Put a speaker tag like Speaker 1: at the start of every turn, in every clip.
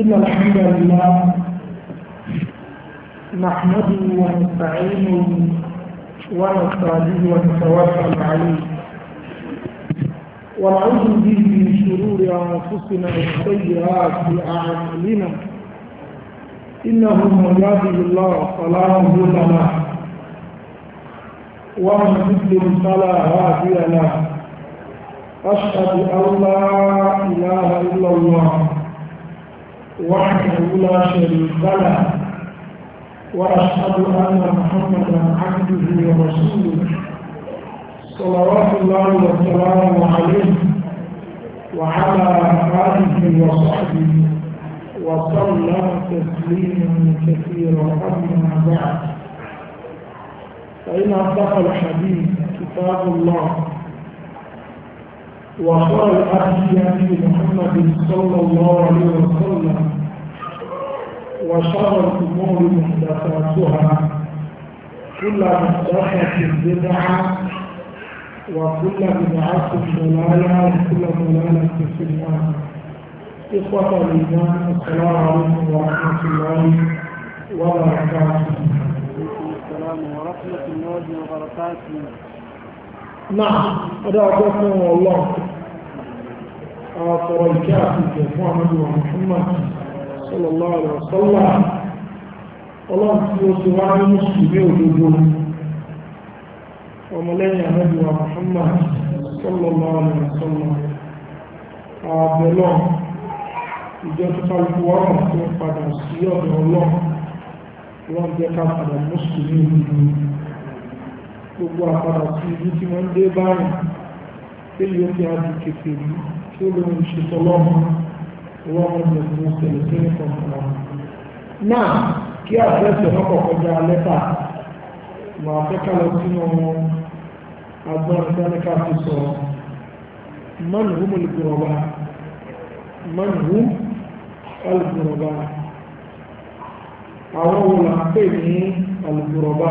Speaker 1: إن الحمد لله نحمده ونستعينه ونستهديه ونتوكل عليه ونعوذ به من شرور أنفسنا وسيئات أعمالنا إنه من يهده الله فلا مضل له ومن يضلل فلا هادي له أشهد أن لا إله إلا الله وحده لا شريك له واشهد ان محمدا عبده ورسوله صلوات الله وسلامه عليه وعلى اله وصحبه وسلم تسليما كثيرا اما بعد فان اصدق الحديث كتاب الله وقال أبي محمد صلى الله عليه وسلم وشر الأمور محدثاتها كل محدثة بدعة وكل بدعة ضلالة وكل ضلالة في النار إخوة الإيمان السلام عليكم ورحمة الله وبركاته. وعليكم السلام ورحمة الله وبركاته. náà ọdá ọjọ́ fún ọlọ́ àtọ̀rọ̀ ìkẹ́ àti ìjẹ̀ fún àmìlò Muhammad sallallahu alaihi wasallam ọlọ́run tí ó ti wá ní mùsùlùmí òdodo ọmọlẹ́yìn àmìlò Muhammad sallallahu alaihi wasallam àbẹ̀lọ́ ìjọ tó kálukú wọ́n tó padà sí ọ̀dọ̀ ọlọ́run ọlọ́run jẹ́ ká padà mùsùlùmí òdodo gbogbo àpàdà sí ibi tí wọ́n dé báyìí tí yóò fi àti kékeré tí ó lè ń ṣe tọ́lọ́mù wọ́n mú mi fún tẹ̀lẹ́tẹ̀lẹ́ kọ̀ọ̀kan. náà kí àfẹ́sẹ̀ náà kọ̀kọ́ já lẹ́tà máa fẹ́ ká lọ sínú agbára sáníkà ti sọ̀rọ̀ mọ́nù hùmù lùgbùrọ̀bà mọ́nù hùmù lùgbùrọ̀bà àwọn wò là ń pè ní àlùgbùrọ̀bà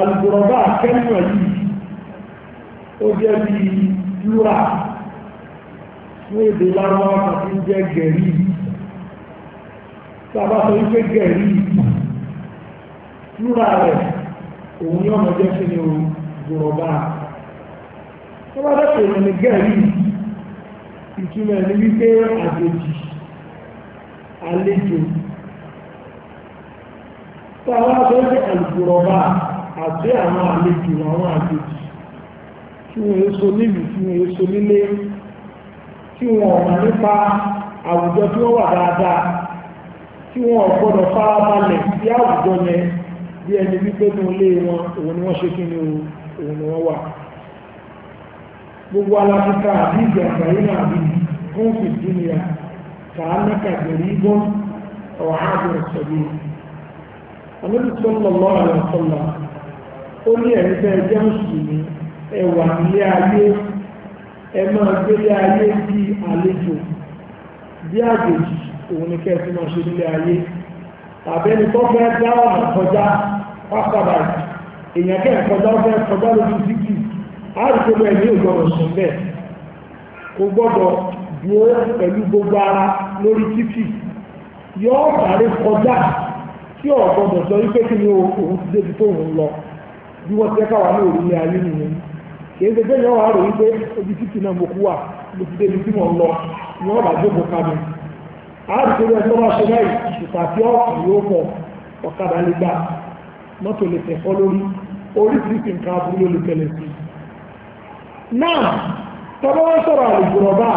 Speaker 1: alùbùrọ̀bá kẹ́mọ̀ yìí ó jẹ́ bí lúra ní èdè lárúbáwá tàbí jẹ́ gẹ̀rí tàbá sọ wípé gẹ̀rí lúra rẹ̀ òun ní ọmọ jẹ́ sí ni o bùrọ̀bá tó bá dẹ́ pèrè gẹ̀rí ìtumọ̀ ní wípé àjèjì àlejò tàbá sọ wípé alùbùrọ̀bá àti àwọn àlejò àwọn àjèjì tí wọ́n èso nílùú tí wọ́n èso nílé tí wọ́n ọ̀nà nípa àwùjọ tí wọ́n wà dáadáa tí wọ́n ọ̀gbọ́dọ̀ fara balẹ̀ sí àwùjọ yẹn bí ẹni wípé ní ilé wọn òun ni wọ́n ṣe kí ni òun ni wọ́n wà gbogbo àbí náà bí ó ní ẹ̀rí bẹ́ẹ̀ jẹ́ mùsùlùmí ẹ wà ayé ẹ máa gbélé ayé bí àlejò bí àjèjì òun ni kẹ́ẹ̀tì máa ṣe nílé ayé tàbẹ́ni tó fẹ́ dá ọ̀nà kọjá pápádà èèyàn kẹ́ẹ̀ kọjá ó fẹ́ kọjá lójú títì àrùkọ́lù ẹ̀mí ò gbọ́dọ̀ sùn bẹ́ẹ̀ kò gbọ́dọ̀ dúró pẹ̀lú gbogbo ara lórí títì yọ ọ̀tàrí kọjá tí ò sọ wípé kí ni òun ti débi tó òun lọ bí wọ́n ti jẹ́ káwa ní òrùlé ayé nìyẹn kì í ṣe pé yọ̀wá rò wípé ojú títì náà mo kú wà mo ti débi tí mo ń lọ ni wọ́n bá jókòó ká mi àádìsẹ́gbẹ́ tó bá ṣe báyìí ìpàtí ọ̀pọ̀ yóò pọ̀ ọ̀kadà lè gbà mọ́tò lè tẹ̀kọ́ lórí oríṣiríṣi nǹkan aburú ló lè tẹ̀lé sí i náà tọ́bọ́ wọ́n sọ̀rọ̀ àlùjọ̀rọ̀bá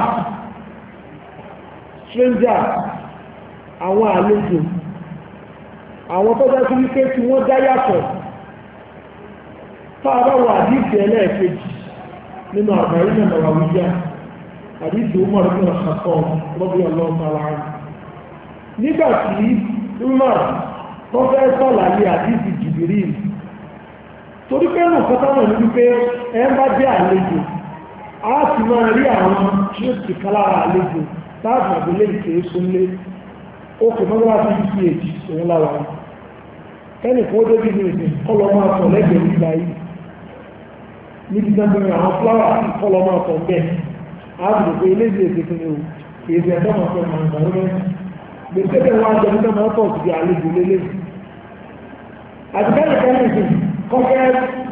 Speaker 1: stranger àwọn àlejò àwọn tó dá sí wípé tí wọ́n dá yàtọ̀ tààbá wà àdífẹ́ ẹlẹ́ẹ̀kejì nínú àbáyé náà wà wíyá àdífẹ́ umar bin al-khattab lọ́bí ọlọ́run ara rẹ̀ nígbà tí umar tó fẹ́ sọ̀làyé àdífẹ́ jìbìrì torí pé nù kọ́tàmọ̀ ní wípé ẹ bá jẹ́ àlejò a sì máa rí àwọn tí ó ti kálára àlejò táàbù àbúlé ìkéé súnlé ó kò mọ́gbà sí ìph òun lára ẹnì kan ó débi ní ìsìn kọ́ lọ́ máa sọ lẹ́gbẹ̀ẹ́ nígbà yìí níbi gbẹ́gbẹ́rẹ́ àwọn fúláwà kọlọ máa sọ bẹ́ẹ̀ ààbò pé eléyìí èdè tó ní o kìí ṣe ẹ̀tọ́ máa ń gbàrú mẹ́rin gbèsè bẹ́ẹ̀ wá máa tọ̀ sí àlejò lélẹ̀ àtìkáyọ̀ kẹ́lẹ́sì kọ́kẹ́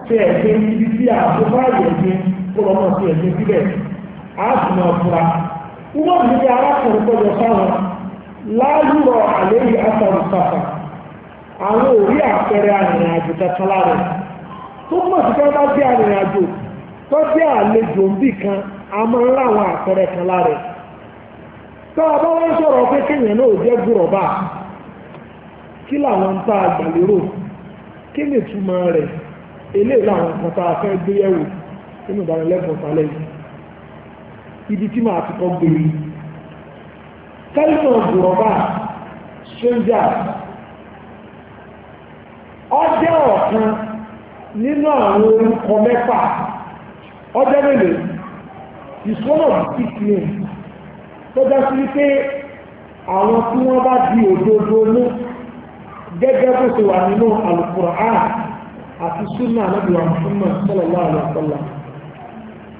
Speaker 1: ṣe ẹ̀ṣẹ́ ibi tí a tó bá yẹ̀ ṣe síbẹ̀ ààbò tó mọ̀ sí ká bá jẹ́ arìnrìn tó jẹ́ àlejò kan a máa ń ráwọn àpẹẹrẹ kan lára ẹ̀ tó a bá wọ́n sọ̀rọ̀ pé kéèyàn náà ò jẹ́ kí làwọn ń ta àgbàlérò kí ni ìtumọ̀ rẹ̀ eléyìí làwọn kan tá a fẹ́ gbé nínú àwọn orúkọ mẹ́fà ọjọ́ mélòó ìsọ́nà ìpínlẹ̀ tó dá sí pé àwọn tí wọ́n bá di òdodo mú gẹ́gẹ́ bó ṣe wà nínú Al-Qur'an àti súnà anábìwà Muhammad sallallahu alaihi wasallam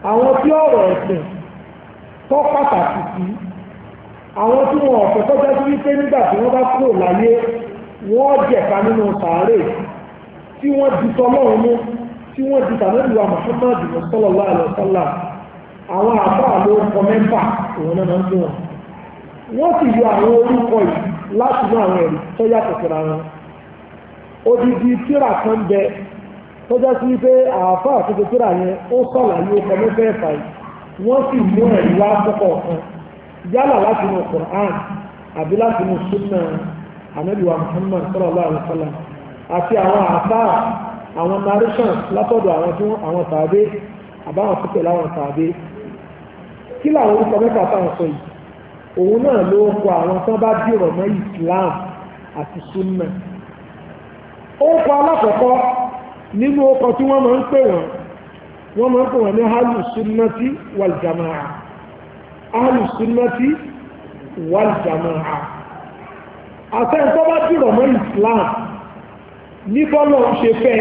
Speaker 1: àwọn tí ọ̀rọ̀ ẹ̀sìn tó pàtàkì sí àwọn tí wọn ọ̀fẹ́ tó dá sí pé nígbà tí wọ́n bá kúrò láyé wọ́n jẹ̀ka nínú sàárè tí wọ́n di tọ́lọ́run mú tí wọ́n di tàbílùwà Muhammad sallallahu alaihi àwọn àbá àlọ́ ọkọ̀ mẹ́fà òun náà wọn wọ́n sì yọ àwọn orúkọ yìí láti mú àwọn ẹ̀rí tó odidi tíra kan bẹ tó jẹ́ sí pé àtúntò tíra yẹn ó yìí wọ́n sì mú ẹ̀rí wá sọ́kọ̀ yálà láti àbí láti àti àwọn àfáà àwọn marishan látọ̀dọ̀ àwọn tí wọ́n àwọn tàbí àbáwọn tó pẹ̀lú àwọn tàbí kí làwọn orúkọ mẹ́ta táwọn sọ yìí òun náà ló ń kọ àwọn tán bá dìrọ̀ mọ́ Islam àti sunna ó kọ alákọ̀ọ́kọ́ nínú ọkọ̀ tí wọ́n máa ń pè wọ́n wọ́n máa ń pè wọ́n ní ahlu sunnati wal jamaa ahlu sunnati wal jamaa àtẹ́ńtọ́ bá dìrọ̀ mọ́ Islam ní bọ́lọ̀ ń ṣe fẹ́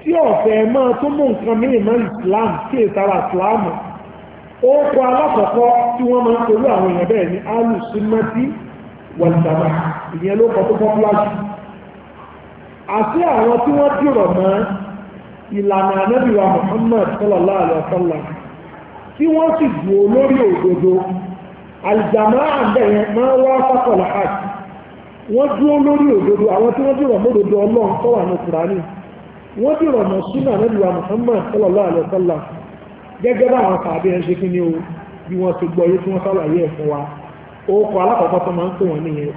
Speaker 1: tí ọ̀fẹ́ máa tó mú nǹkan mìíràn Islam sí ìtara Islam ó kọ alákọ̀ọ́kọ́ tí wọ́n máa ń pẹ̀lú àwọn èèyàn bẹ́ẹ̀ ní alùsùnmọ́tì wàlùdàmà ìyẹn ló kọ tó kọ́ fúláṣì àti àwọn tí wọ́n dìrọ̀ mọ́ ìlànà anábìwà Muhammad sallallahu alaihi wa sallam tí wọ́n sì dùn lórí òdodo àlùjàmọ́ àbẹ̀yẹn máa ń wá fákọ̀lá àti wọ́n dúró lórí òdodo àwọn tí wọ́n dìrọ̀ mọ́dodo ọlọ́run tó wà ní kùránì wọ́n dìrọ̀ mọ́ súnà nẹ́lùwà Muhammad sallallahu alaihi gẹ́gẹ́ bá àwọn kàbí ẹ̀ ṣe kí ni o bí wọ́n ti gbọ́ yé tí wọ́n sálàyé ẹ̀ fún wa orúkọ alákọ̀ọ́kọ́ tó máa ń pè wọ́n ẹlẹ́ẹ̀kejì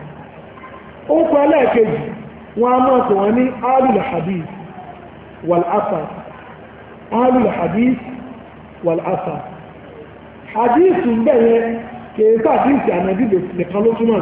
Speaker 1: á máa pè wọ́n ní hadith wal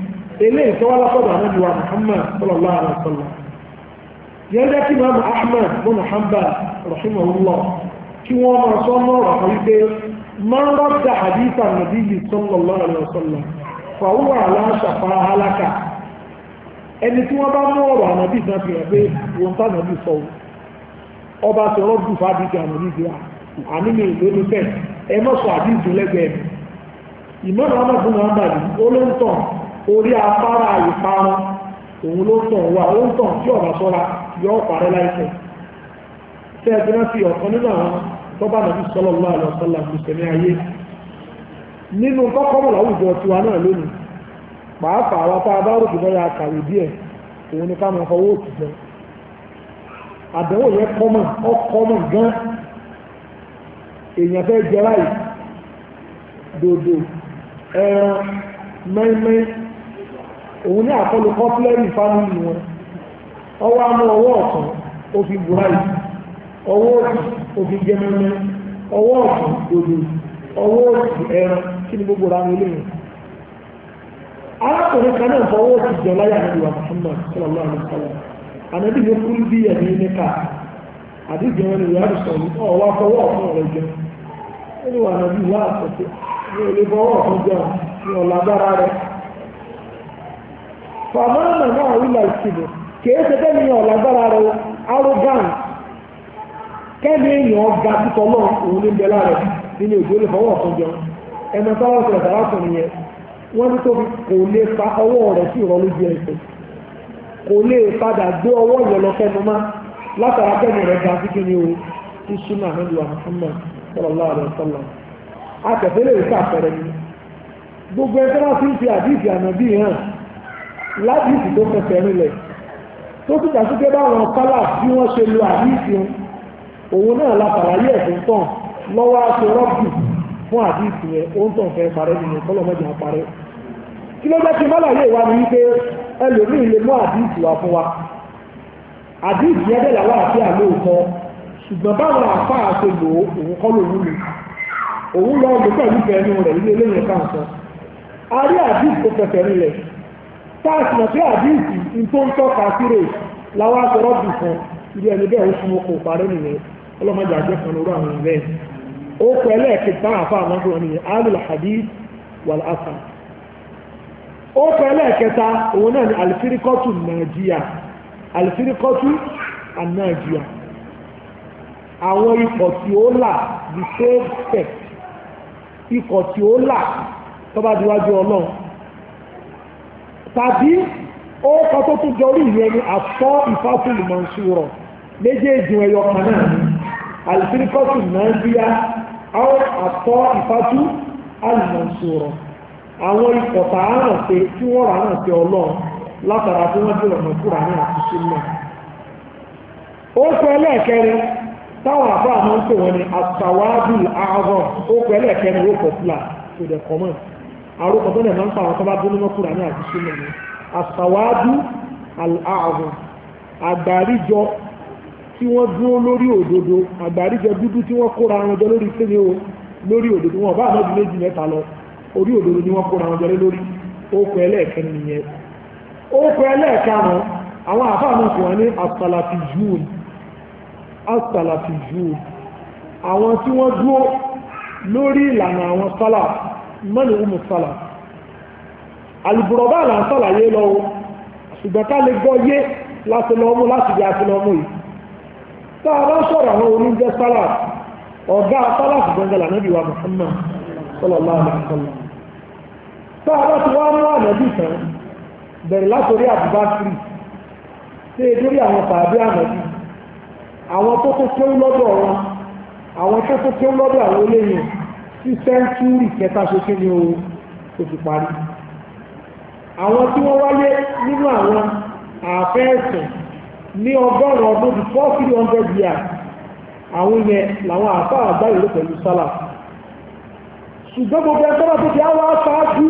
Speaker 1: ele nke wá lọ́sọ̀dọ̀ Muhammad sallallahu alaihi wa sallam yẹn jẹ́ kí mọ́mọ́ Ahmad bin Hanbal rahimahullah kí wọ́n máa sọ mọ́rọ̀ kan wípé máa ń rọ́jà àdìsá nàbí sallallahu alaihi wa sallam fàwọ́ aláṣàfà aláka ẹni tí wọ́n bá mú ọ̀rọ̀ na náà fi hàn pé sọ ọba dùn sọ àdìsí mi ìmọ̀ràn orí afárá ìparun òun ló tàn wá ó ń tàn tí ọ̀rọ̀ sọ́ra yọ ọ̀parẹ́ láìsẹ̀ tẹ́ ẹ rántí ọ̀kan nínú àwọn tọ́ba nàbí sọ́lọ́ lọ́wọ́ àlọ́ sọ́lá ìṣẹ̀mí ayé nínú láwùjọ lónìí pàápàá wa tá a bá díẹ̀ òun ni ká máa fọwọ́ òun ní àkọlù kọ́pílẹ́rì fámìlì wọn ọwọ́ amú ọwọ́ ọ̀tún ó fi buhari ọwọ́ òsì ó fi jẹmọ́nà ọwọ́ ọ̀tún òdò ọwọ́ òsì ẹran kí ni gbogbo ránú ilé yẹn arákùnrin kan náà fọwọ́ òsì jọ láyà ànábì ala Muhammad sallallahu alaihi wasallam ànábì ló kú bí ẹ̀mí níka àdìjẹ wọn ni ìyá ọwọ́ afọwọ́ ọ̀tún wà àtọ̀tẹ̀ ní olè fàmọ́nà náà na ìṣìbò kìí ṣe kee yàn n'i rẹ arrogant kẹ́mi èèyàn ga títọ́ náà òun ní bẹ́lá rẹ nínú ìgbó fọwọ́ ọ̀tún jẹun ẹnu táwọn sọ̀rọ̀ sàrà sọ̀rọ̀ yẹn wọ́n ní tóbi kò lè fa ọwọ́ rẹ̀ sí ìrọ̀lú ju ẹ̀sẹ̀ kò lè padà gbé ọwọ́ yẹn lọ látara kẹ́mi rẹ̀ ga síkí ni o ti sọ̀rọ̀ sọ̀rọ̀ lábìsì tó fẹsẹ̀ rinlẹ̀ tó sì dá sí pé báwọn kálà bí wọ́n ṣe lo àdìsì òun náà la fàlàyé ẹ̀sùn tán lọ́wọ́ aṣọ rọ́bì fún àdìsì yẹn ó ń tàn fẹ́ parẹ́ nínú kọ́lọ́mọ́jà parẹ́ kí ló jẹ́ kí mọ́làyé wa ni wípé ẹlòmíì lè mú àdìsì wa fún wa àdìsì yẹn dẹ̀ làwọn àti àlóòtọ́ ṣùgbọ́n báwọn àfa àti lò òun kọ́ lòun lò òun lọ lò pẹ̀lú fẹ́ẹ́nu rẹ̀ ilé eléyìí kan sọ a rí àdìsì tó fẹsẹ̀ rinlẹ̀ táàsì náà tí àdíìsì ní tó ń tọ́ka síre láwọn aṣọ́rọ́ bì fún ilé ẹni bẹ́ẹ̀ ó súnmọ́ kò parẹ́ nìyẹn ọlọ́mọdé àjẹ́ kan lórí àwọn ìrẹ́ ó pẹ́ lẹ́ẹ̀kì tán àfa nìyẹn alul hadith wal asar ó pẹ́ lẹ́ẹ̀kẹta òun náà ni alifirikọ́tù nàìjíríà alifirikọ́tù nàìjíríà àwọn ikọ̀ tí ó là the same sect ikọ̀ tí ó là tọ́ba ọlọ́run tàbí ókọ tó tún jọrí ìyẹn ni àfọ́ ìfáfúlù mọ̀nsúrọ̀ méjèèjì ẹ̀yọ kan náà ni àlùfíríkọ́tù náà bíyá àwọn àfọ́ ìfáfú àlùmọ̀nsúrọ̀ àwọn ikọ̀ tààràn pé tí wọ́n rà náà pé ọlọ́run látara tí wọ́n dìrọ̀ mọ̀ kúrò ní àtúnṣe náà ó sọ ẹlẹ́ẹ̀kẹrin táwọn àbá àmọ́ ń pè wọ́n ni àtàwádùn àárọ̀ ó sọ ẹlẹ́ẹ̀kẹrin ó kọ̀ fúlà to the command àrùkọ tó lè máa ń pa àwọn tó bá dúró mọ́kúrà ní àti súnmọ́ ni àsàwádú àrùn àgbáríjọ tí wọ́n dúró lórí òdodo àgbáríjọ dúdú tí wọ́n kóra wọn jọ lórí kéde o lórí òdodo wọn bá àmọ́dún méjì mẹ́ta lọ orí òdodo ni wọ́n kóra wọn jọ lórí ókò ẹlẹ́ẹ̀kẹ́ nìyẹn ókò ẹlẹ́ẹ̀karùn àwọn àfáà náà kò wọ́n ní asalafijun asalafijun àwọn tí wọ́n dúró lórí ìlànà àwọn sálàfù mọ́nì umu sálà àlùbùrọ̀bá là ń sàlàyé lọ o ṣùgbọ́n ká lè gbọ́ yé láti lọ mú láti di àti lọ mú yìí tá a bá sọ̀rọ̀ àwọn oníjẹ sálà ọ̀gá sálà ṣùgbọ́n níbi wa Muhammad sallallahu alaihi wasallam tá a bá ti wá mú ànábì tán bẹ̀rẹ̀ látòrí àbúbákiri tí è lórí àwọn tàbí ànábì àwọn tó tó tó lọ́dọ̀ àwọn tó tó tó lọ́dọ̀ àwọn olóyìn tí sẹ́ńtúrì kẹta ṣe kí o tó fi parí àwọn tí wọ́n wáyé nínú àwọn àfẹ́ẹ̀sìn ní ọgọ́rùn ọdún bí four three hundred years àwọn yẹn làwọn àfa àgbáyé ló pẹ̀lú sálà ṣùgbọ́n gbogbo ẹgbẹ́ náà tó ti àwọn aṣáájú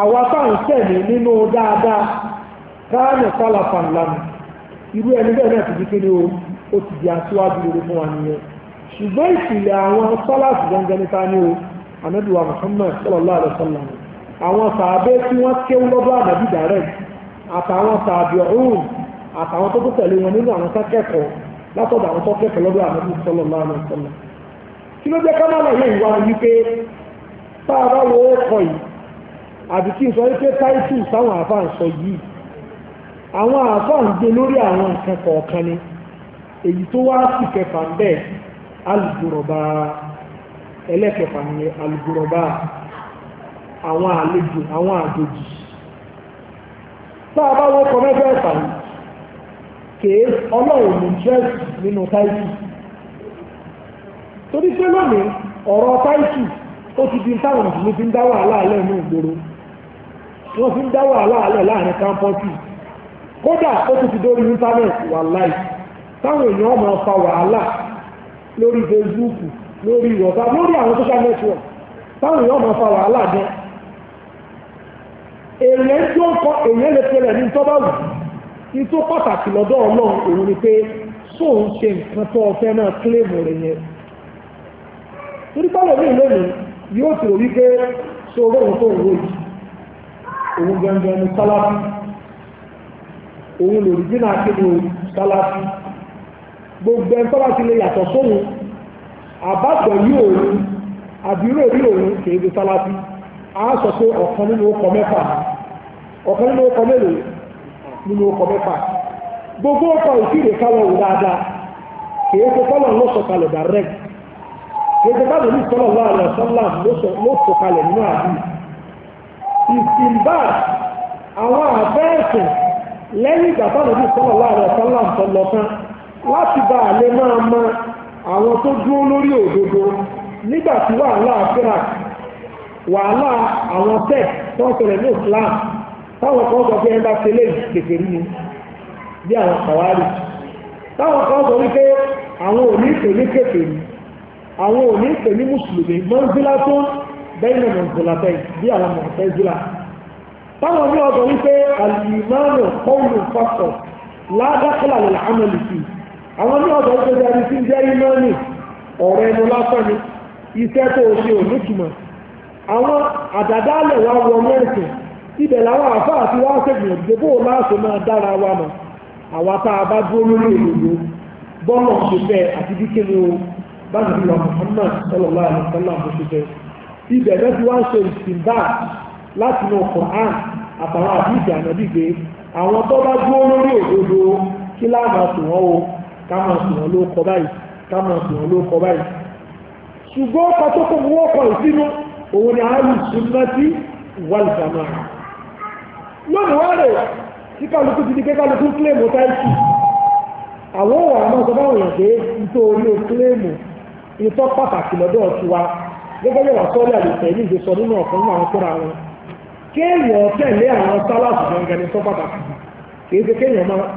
Speaker 1: àwọn afáàn sẹ́ẹ̀mì nínú dáadáa káàmì sálà fàǹlàmù irú ẹni bẹ́ẹ̀ náà ti di o ó ti di aṣíwájú lórí fún ṣùgbọ́n ìpìlẹ̀ àwọn sálàsì gangan nípa ní o anábìwà Muhammad sallallahu alaihi àwọn tí wọ́n kéwú dàrẹ́ àtàwọn àtàwọn tó tó tẹ̀lé wọn nínú àwọn sákẹ́kọ̀ọ́ látọ̀dọ̀ àwọn tó kẹ́kọ̀ọ́ kí ló jẹ́ tá a bá wo ọkọ̀ yìí àbí kí n sọ wípé sáwọn ń sọ yìí àwọn ń gbé lórí àwọn nǹkan kọ̀ọ̀kan ni èyí tó wá sì kẹfà alùgbòròbá ẹlẹ́kẹfà ni alùgbòròbá àwọn àlejò àwọn àjòjì táà bá wọ́n kọ́ mẹ́fẹ́ ẹ̀fà yìí kèé ọlọ́run ní dírẹ́sì nínú táìsì torí pé lónìí ọ̀rọ̀ táìsì ó ti di táwọn mùsùlùmí fi ń dá wàhálà alẹ́ inú ìgboro wọ́n fi ń dá wàhálà alẹ́ láàrin kódà ó ti ti dórí íńtánẹ́ẹ̀tì wà láì táwọn èèyàn ọmọ wàhálà lórí Facebook lórí WhatsApp lórí àwọn social network táwọn èèyàn máa fa wàhálà gan èèyàn tí ó kọ èèyàn lè tẹ̀lé ní tọ́ba wù ní tó pàtàkì lọ́dọ̀ Ọlọ́run òun ni pé sóun ṣe nǹkan tó ọfẹ́ náà kílèmù rẹ̀ yẹn torí pálọ̀ ní ìlú èmi yóò òun tó gbogbo ẹni tọ́ba ti lè yàtọ̀ sóhun àbátọ̀ yìí òun àbúrò rí òun kìí di sálábí a sọ pé ọ̀kan nínú ọkọ̀ mẹ́fà ọ̀kan nínú ọkọ̀ mélòó nínú ọkọ̀ mẹ́fà gbogbo ọkọ̀ ìfìdè káwọ̀ wò dáadáa kìí ṣe kọ́lọ̀ ló sọ kalẹ̀ dàrẹ́ kìí ṣe káwọ̀ ní sọ́lọ̀ wà lọ sọ́lá ló sọ kalẹ̀ nínú àbí ìsìnbà àwọn àbẹ́ẹ̀sìn lẹ́yìn ìgbà táwọn ní sọ́lọ̀ wà lọ sọ́lá ń sọ lọ tán láti bá àlè máa mọ àwọn tó dúró lórí òdodo nígbà tí wàhálà firak wàhálà àwọn tẹ̀ tó ń sọ̀rọ̀ ní Islam táwọn kan sọ pé ẹ bá tẹ̀lé kékeré ni bí àwọn kàwárì táwọn kan sọ wípé àwọn ò ní ìpè ní kékeré àwọn ò ní ìpè ní mùsùlùmí mọ́ńsílá tó bẹ́ẹ̀ ní mọ̀nsílá bẹ́ẹ̀ bí àwọn mọ̀nsílá táwọn ní ọ̀sọ̀ wípé alìmọ́nù kọ́ọ̀lù pásọ̀ ládàkọ́là lè lámẹ́lì sí i àwọn ní ọ̀dọ̀ tó darí sí jẹ́ ìmọ́ni ọ̀rọ̀ ẹnu lásán ni iṣẹ́ tó o ṣe ò nítumọ̀ àwọn àdàdálẹ̀ wa wọ mẹ́sìn ibẹ̀ làwọn àfáà ti wá ṣègbìyànjú pé bóun láàṣọ máa dára wa mọ̀ àwa tá a bá dúró lórí èlòlò bọ́ọ̀lù ṣẹfẹ́ àti o bá ti lọ Muhammad ibẹ̀ ṣe láti inú Quran àtàwọn àwọn tó bá dúró ká máa pè wọ́n ló kọ báyìí ká máa pè wọ́n ló kọ báyìí ṣùgbọ́n ọkọ̀ tó kò mú ọkọ̀ ìsínú òun ni àálù sunnati wal jamaa lónìí wọ́n rẹ̀ tí kálukú ti di pé kálukú kílèmù táìsì àwọn ọ̀rọ̀ àmọ́ sọ báwọn èèyàn pé nítorí o kílèmù ìtọ́ pàtàkì lọ́dọ̀ tiwa gẹ́gẹ́ bí wọ́n sọ́ọ́lẹ̀ àlùfẹ́ ní ìgbésọ nínú ọ̀kan náà fúnra wọn kéèyàn tẹ̀lé àwọn sálàsì gangan ní sọ pàtàkì kì í ṣe kéèyàn máa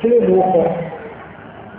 Speaker 1: kílèmù ọkọ̀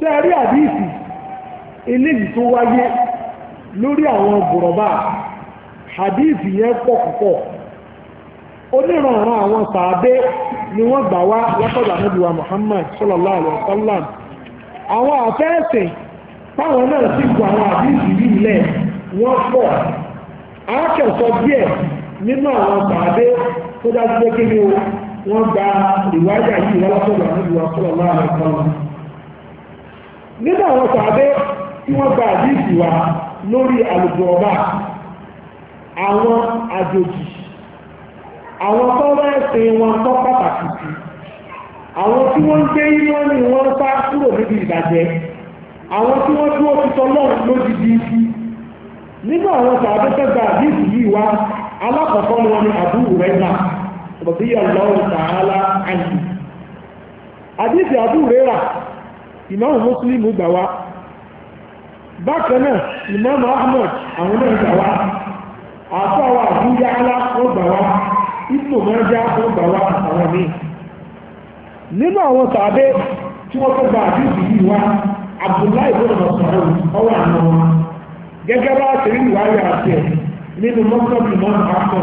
Speaker 1: tẹ́ rí àdíìsì eléyìí tó wáyé lórí àwọn bùrọ̀bá àdíìsì yẹn pọ̀ púpọ̀ oníranran àwọn sàábé ni wọ́n gbà wá látọ̀dọ̀ ànábìwá Muhammad sallallahu alaihi àwọn àfẹ́ẹ̀sìn táwọn náà sì gbọ́ àwọn àdíìsì yìí lẹ̀ wọ́n pọ̀ àákẹ́sọ díẹ̀ nínú àwọn tó dájú pé nínú àwọn sàbẹ tí wọ́n gba àdìsí wa lórí àlùkò àwọn àjòjì àwọn tọ́wọ́ ẹ̀sìn wọn tọ́ pàtàkì sí àwọn tí wọ́n ń gbé ni wọ́n sá kúrò níbi ìbàjẹ́ àwọn tí wọ́n dúró ti tọ́lọ́run lójijì nínú àwọn sàbẹ tẹ́gbà àdìsí yìí wa alákọ̀ọ́kọ́ ni wọ́n ní Abu Huraira rọ̀bíyà lọ́wọ́ sàálà àyè àdìsí ìmáàmù mùsùlùmù gbà wá bákan náà ìmáàmù ahmed àwọn náà gbà wá àfọwọ́ àbúyá alá wọ́n gbà wá ipò mẹ́já wọ́n gbà wá àwọn míì nínú àwọn tàbí tí gba àdúgbò yìí wá abdullahi sọ̀rọ̀ ọwọ́ àná wa gẹ́gẹ́ bá tẹ̀lé ìwáyà àti ẹ̀ nínú mọ́tọ́bù náà àpọ̀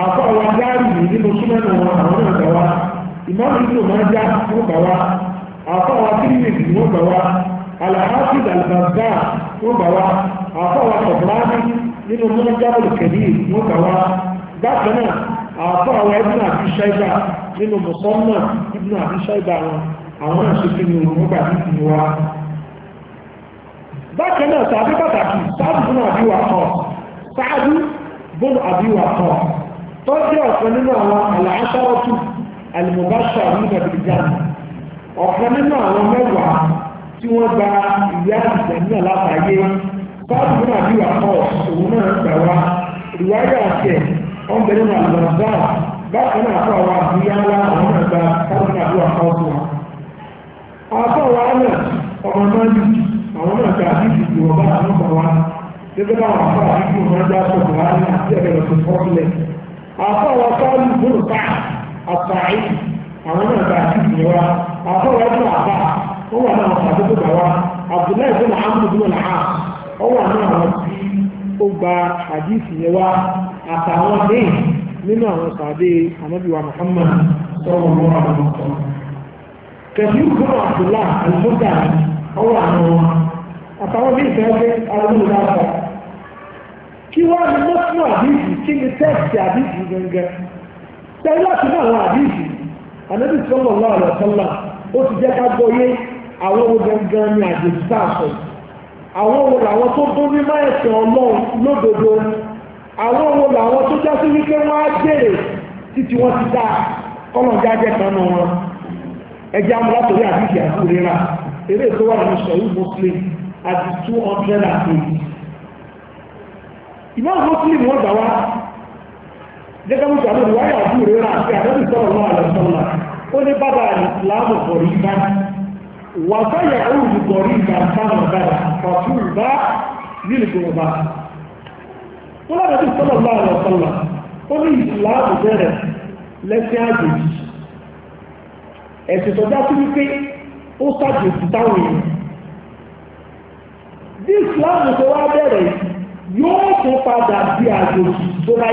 Speaker 1: àfọwọ́ adáàrí nínú súnmọ́nù wọn àwọn náà gbà wá ìmáàmù ìlú mẹ́já gbà wá àfọwà tìrìmìtì wọ́n gbà wá alhassid albazda wọ́n gbà wá àfọwà tọ̀bùránì nínú mọ́nìjábọ̀lù kẹ̀lí wọ́n gbà wá bákan náà àfọwà ibn abi shayba nínú mùsọ́nà ibn abi shayba wọn àwọn àṣekínú wọn gbà ní ìlú náà sàbí pàtàkì sáàbù fún àbíwá kan sáàbù bọ́ọ̀lù àbíwá kan tó jẹ́ ọ̀kan nínú àwọn àlàáṣáwọ́tù àlùmọ̀báṣà nígbà bìbí jáde ọ̀kan nínú àwọn mẹ́wàá tí wọ́n gba ìyá ìgbà náà látàyé báàbù náà bí wà kọ́ òun náà gbà wá ìwáyà ọ̀kẹ́ ọ̀n bẹ̀rẹ̀ nínú àlùbọ̀dá bákan náà fún àwọn àbúyá ńlá àwọn náà gba báàbù náà bí wà kọ́ òun wa. àbọ̀ wa náà ọmọ náà ní àwọn náà gba àbí ìdìbò ọba àwọn ọmọ wa gẹ́gẹ́ bá wọn fún àbí ìdìbò ọba sọ̀rọ̀ wa ní àti ẹ̀rẹ̀ ọ̀sẹ̀ fọ́ọ̀lẹ̀ àbọ̀ wa sáà àwọn náà gba àdìsí wa àbọ̀wọ̀ ẹ̀dùn àbá ó wà náà ọ̀sà tó gbà Al-Ha ó wà náà wọn tí ó gba àdìsí yẹn wa àtàwọn míì nínú àwọn sàdé anábìwa Muhammad sọ̀rọ̀ wọn àwọn kẹ̀sí wà náà wọn àtàwọn kí wọ́n á àdìsí kí ni àdìsí tẹ́lá ti náà ànábì sallallahu alaihi wasallam ó ti jẹ́ ká gbọ́ yé àwọn owó gangan ní àjèjì tá a sọ àwọn owó làwọn tó dún ní máa ẹ̀sìn ọlọ́run lódodo àwọn owó làwọn tó já sí wípé wọ́n á jèrè títí wọ́n ti dáa kọ́lọ̀ jájẹ́ kan náà wọn ẹjẹ́ amúlátòrí àdìsí àkúrẹ́rà eré tó wà nínú sọ̀rọ̀ muslim àti two hundred and eight ìmọ̀ muslim wọ́n gbà wá gẹ́gẹ́ bí sọ̀rọ̀ ìwà ìyàwó rẹ̀ rà àti àdébì sọ̀rọ̀ náà lọ sọ́la ó ní bàbá ìsìláàmù kọ̀rí bá wà sáyà òòlù kọ̀rí ìgbà sáwọn bàbá pàtó ìbá nílùú gbogbo ó lábẹ́ bí sọ̀rọ̀ náà lọ sọ́la ó ní ìsìláàmù bẹ̀rẹ̀ lẹ́sẹ̀ àjòjì ẹ̀sìn tó dá sí wípé ó sàjòjì táwọn èèyàn bí ìsìláàmù tó wá bẹ̀rẹ̀ yóò tún padà di àjòjì tó bá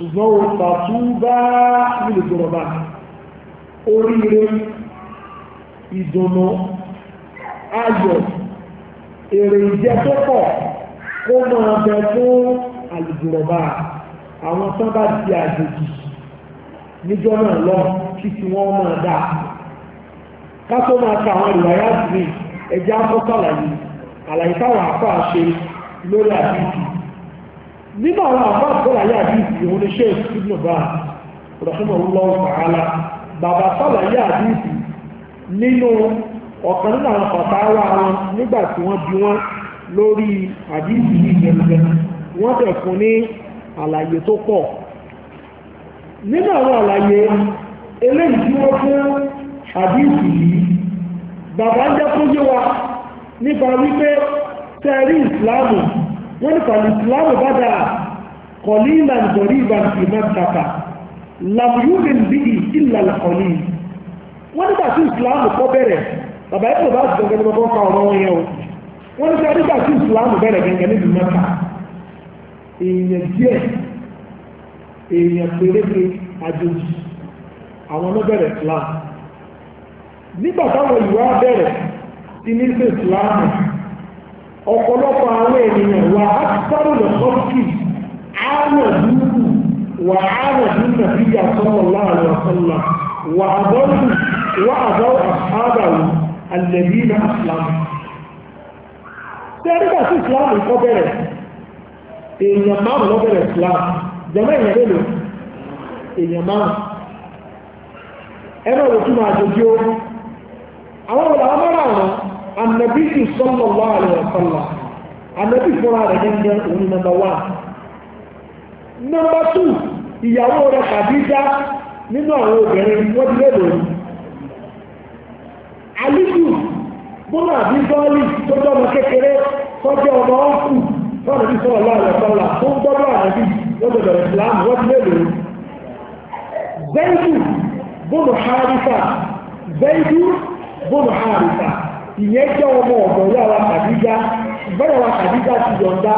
Speaker 1: ṣùgbọ́n o pàtú bá nílùú gbọ́rọ̀bá oríire ìdùnnú ayọ̀ èrè ìjẹ tó pọ̀ kó máa bẹ fún àlùgbọ̀rọ̀bá àwọn tán bá di àjèjì níjọ́ náà lọ kí tí wọ́n máa dá ká tó máa ka àwọn ìwàyà sí ẹjẹ́ akọ́kọ́ àlàyé àlàyé táwọn àpá àṣe lórí àbíkì nígbà àwọn àbáà bọ́lá yà bí ìsìn òun iṣẹ́ ìsìnkú bá rọ̀ṣọ́nà lọ́wọ́ sàálà bàbá sọ́lá yà bí ìsìn nínú ọ̀kan nínú àwọn fàtàwà wọn nígbà tí wọ́n bí wọ́n lórí àdíjì yìí gẹ̀gẹ̀ wọ́n tẹ̀ fún ní àlàyé tó pọ̀ nínú àwọn àlàyé eléyìí tí wọ́n fún àdíjì yìí bàbá ń jẹ́ fún yé nípa wípé tẹ́rí ìsìláàmù wọ́n ní pàlú ìsìláàmù bàdà kọ̀lí ìlànà ìjọrí ìbànú ìmọ̀ kàkà làmúyúbìn bí ìlànà kọ̀lí wọ́n nígbà tí ìsìláàmù kọ́ bẹ̀rẹ̀ bàbá ẹ̀kọ́ bá ti gbẹ̀gbẹ̀ bọ́ fa ọ̀rọ̀ yẹn o wọ́n ní sọ nígbà tí ìsìláàmù bẹ̀rẹ̀ gẹ̀gẹ̀ níbi mẹ́ta èèyàn díẹ̀ èèyàn péréte àjòjì àwọn ọmọ ìsìláàmù nígbà táwọn ìwà bẹ̀rẹ̀ ti ní ìsìláàmù ọ̀pọ̀lọpọ̀ àwọn ènìyàn wà á sọ́rọ̀ lọ sọ́kì ààrẹ dúdú wà ààrẹ dúdú bí i àtọ́wọ̀ láàrin ọ̀sánlá wà àbọ́dù wà àbọ́wọ̀ àbáwò na islam tẹ́ nígbà sí islam kọ́ bẹ̀rẹ̀ èèyàn márùn lọ bẹ̀rẹ̀ islam jẹ́mọ́ èèyàn èèyàn márùn àwọn ànàbí sì sọ́lọ̀ wà àlùwà sọ́lọ̀ ànàbí fúnra rẹ̀ gẹ́gẹ́ òun nàmbà wà. nàmbà tù ìyàwó rẹ̀ Khadija nínú àwọn obìnrin wọ́n ti lélò ní. àlíjù bọ́lá àbí bọ́ọ̀lì tó jẹ́ ọmọ kékeré tọ́jọ́ ọmọ ọ̀kù tọ́nà bí sọ́lọ̀ wà àlùwà sọ́lọ̀ tó ń gbọ́dọ̀ àrẹ́bí wọ́n ti bẹ̀rẹ̀ ìsìlámù wọ́n ti lélò ní. Zaidu bọ́lù Haritha Zaidu bọ́lù Haritha ìyẹn jẹ́ ọmọ ọ̀dọ̀ yàrá wa kàdíjá ti yọ̀ǹda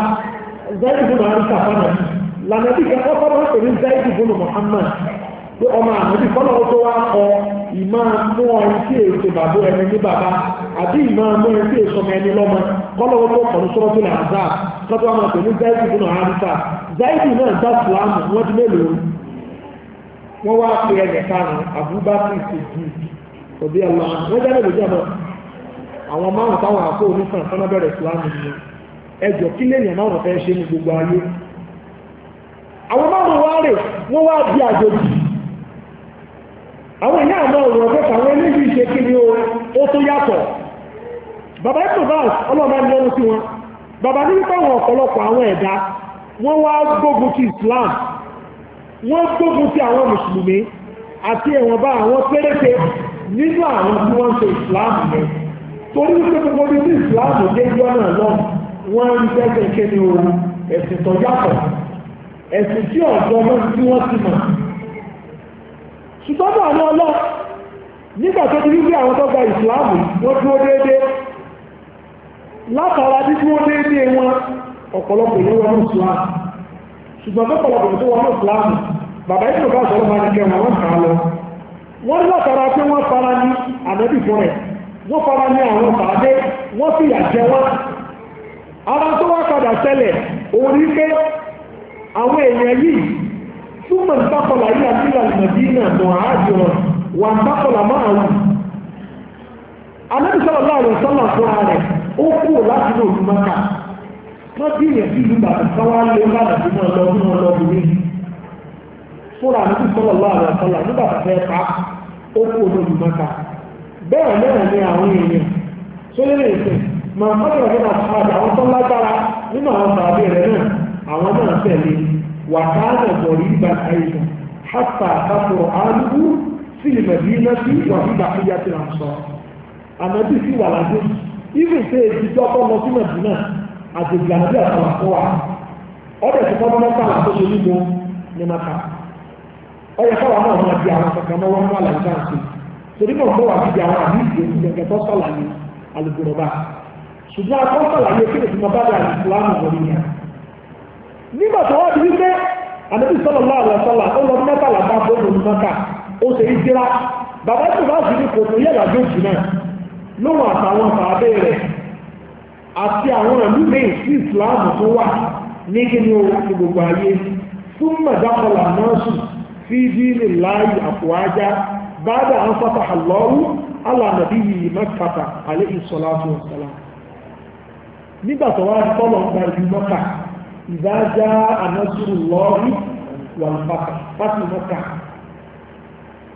Speaker 1: zaidi bùnú àríkà fánà lànàbí kẹfọ́ fọ́nà ń pèrè zaidi bùnú Muhammad pé ọmọ àmọ́bí fọ́nà ó tó wá kọ ìmọ̀ mú ọrin tí èso bàbá ẹni ní bàbá àbí ìmọ̀ mú èso ẹni lọ́mọ kọ́nà ó tó sọ́rọ́ àzá tọ́tọ́ pẹ̀lú náà àwọn márùn táwọn àpò onífàn tọ́nà bẹ̀rẹ̀ ìsìlámù ni ẹjọ́ kí lèèyàn márùn fẹ́ ṣe ní gbogbo ayé àwọn márùn wá rè wọ́n wá di àjòjì àwọn ìyá àmọ́ ọ̀rọ̀ ọ̀fẹ́ kàwọn eléyìí ṣe kí ni ó tó yàtọ̀ bàbá ecovas ọlọ́ọ̀bá ń lọ́rùn sí wọn bàbá ní wípé àwọn ọ̀pọ̀lọpọ̀ àwọn ẹ̀dá wọ́n wá gbógun ti Islam wọ́n gbógun ti àwọn mùsùlùmí àti ẹ̀wọ̀n bá àwọn péréte nínú àwọn tí wọ́n ń ṣe Islam yẹn torí wípé gbogbo sí ìsìláàmù lọ wọ́n ń tẹ́sẹ̀ ké ní ooru ẹ̀sìn tó yàtọ̀ ẹ̀sìn tí ọ̀dọ́ náà tí wọ́n ti mọ̀ ṣùgbọ́n àwọn ọlọ́ nígbà tó ti rí bí àwọn ìsìláàmù wọ́n dúró déédéé látara dídúró déédéé wọn ọ̀pọ̀lọpọ̀ ìlú wọn ní ìsìláàmù ṣùgbọ́n tó wọn ní ìsìláàmù bàbá máa wọn kà á lọ wọ́n látara wọ́n fara ní àwọn pàdé wọ́n sì yà jẹ wọ́n ara tó wá padà ṣẹlẹ̀ òun ní pé àwọn èèyàn yìí túmọ̀ ń yìí àti ìlànà mọ̀ wà máa wù sọ́nà rẹ̀ ó láti ní òun mọ́ta wọ́n ti yẹ̀ sí ìlú bàbá káwá lé tí wọ́n lọ nígbà tó fẹ́ ó mọ́ta bẹ́ẹ̀ náà ni àwọn èèyàn tó lè sìn ma fọ́nà nínú àtàdà àwọn tó lágbára nínú àwọn tàbí rẹ̀ náà àwọn náà tẹ̀lé wàkánà bọ̀rí ìgbà àìsàn hátà àkàtọ̀ àlùkù sí ìmẹ̀dínà sí ìwàfíìgbà fúyà ti ràn sọ àmọ́bí sí wà lájú ibi tẹ́ èdè tọ́kọ́ lọ sí mẹ̀dínà àjèjì àmọ́bí àtàwọn àkọ́wà ọ̀dẹ̀ tó torí mọ̀ mọ́ wà níbi àwọn àmì ìdíyẹ ti gẹ̀gẹ̀ tó sàlàyé alùpùpùrọ̀bà ṣùgbọ́n akọ́ sàlàyé kí èsì máa bá dà ìsìlámù wọlé yẹn nígbà tó wá di wípé àdébí sọ́lọ̀ láàrọ̀ sọ́là ó lọ mẹ́ta làbá bọ́ọ̀lù mẹ́ta ó ṣe é jẹ́ra bàbá tó bá sì ní kò tó yẹ̀lá méjì náà lóhun àtàwọn sàábẹ́ rẹ̀ àti àwọn ìlú míì ni ó ti gbogbo ayé fún mẹ́ta kọlà náà sùn بعد أن فتح الله على نبيه مكة عليه الصلاة والسلام nígbà tó wá tọ́lọ̀ gba ìlú mọ́ta ìdájá ànásùrù lọ́rí wà lùpàtà pàtì mọ́ta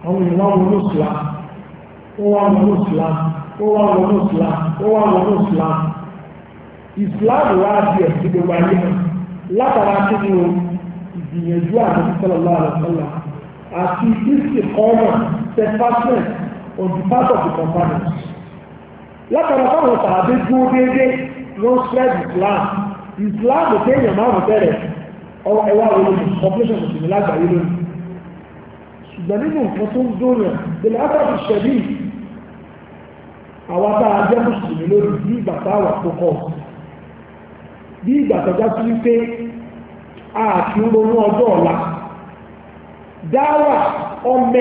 Speaker 1: àwọn ìwọ̀n wọn ló sùlá wọ́n wá wọn ló sùlá wọ́n wá wọn ló sùlá wọ́n wá wọn ló sùlá ìsìláàmù steadfastness on the part of the companions. látara fáwọn sàbí dúró déédéé ló ń spread Islam Islam kéèyàn márùn tẹ́lẹ̀ ọwọ́ ẹwà olómi population kò sì ní lágbàáyé lónìí ṣùgbọ́n nínú nǹkan tó ń dóyàn ìdílé ápàdé ṣẹ̀lí àwọn tá a jẹ́ mùsùlùmí lónìí bí ìgbà táwà tó kọ̀ bí ìgbà tọ́já sí wípé a kì ń ronú ọjọ́ ọ̀la dáwà ọmọ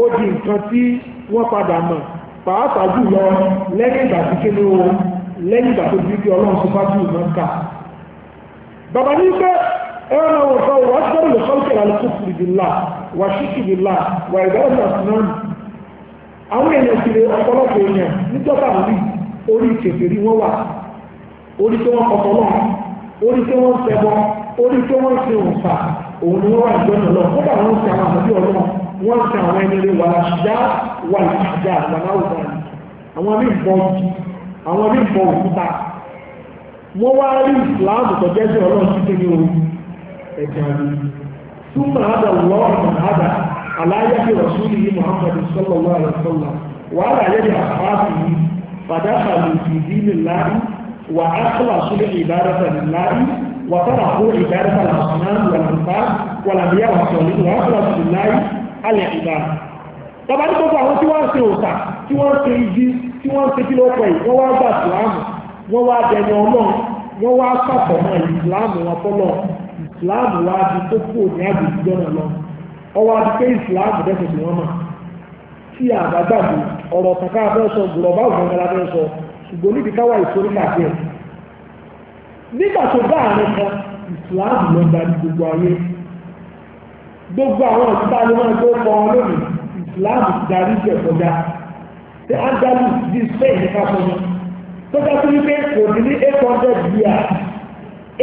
Speaker 1: ó di nǹkan tí wọ́n padà mọ̀ pàápàá jùlọ lẹ́yìn ìgbà tí kí ni o lẹ́yìn ìgbà tó bí kí ọlọ́run tó bá jù mọ́ ká bàbá ní pé ẹran àwọn ọ̀sán wà á sọ̀rọ̀ wa sọ́kẹ̀ àlùkù fìdílà wà ṣíkì fìdílà wà ìdáwọ̀n àtúnáàmù àwọn èèyàn sì lè ọ̀pọ̀lọpọ̀ èèyàn níjọba àrí orí kèfèrí wọn wà orí tí wọ́n kọ̀kọ́ lọ orí tí wọ́n orí tí wọ́n òǹfà òun ni wọ́n wọ́n ta àwọn ẹnìrè wà láṣìdá wà láṣìdá àgbàláwùdá àwọn mí bọ igi àwọn mí bọ òkúta wọ́n wá rí ìsìláàmù tọ́jẹ́ sí ọlọ́run títí ní orí ẹ̀jẹ̀ àmì súnmọ́ àdà lọ́ọ̀ àdà aláyẹ̀dẹ̀ rọ̀súlì yìí muhammadu sọ́lọ́lá àlọ́sọ́lá wàhálà yẹ̀dẹ̀ àfáàfì yìí fàdáfà lòdì ìdílé láàrí wà á kọ́lá súnlẹ̀ ìdárẹ́fà láàrí wà tọ́lá fún ìdárẹ́fà làṣùnà wà làǹfà wà làǹfà wà sọ̀lẹ́ alẹ́ ìgbà tọba ní gbogbo àwọn tí wọ́n ń ṣe òòṣà tí wọ́n ń ṣe igi tí wọ́n ń ṣe kílọ̀ wọ́n wá gbà ìsìláàmù wọ́n wá dẹni ọlọ́run wọ́n wá sàpọ̀mọ́ ìsìláàmù wọn wá di tó kú òní àgbègbè jọ́nà lọ ọwọ́ adi pé tí ọ̀rọ̀ gbogbo àwọn ìta ni wọ́n tó kọ́ lónìí ìsìláàmù darí ìjẹ̀ kọjá tí ádámù bí spain ní káfíńsì tó bá tó wípé kò ní ní eight hundred years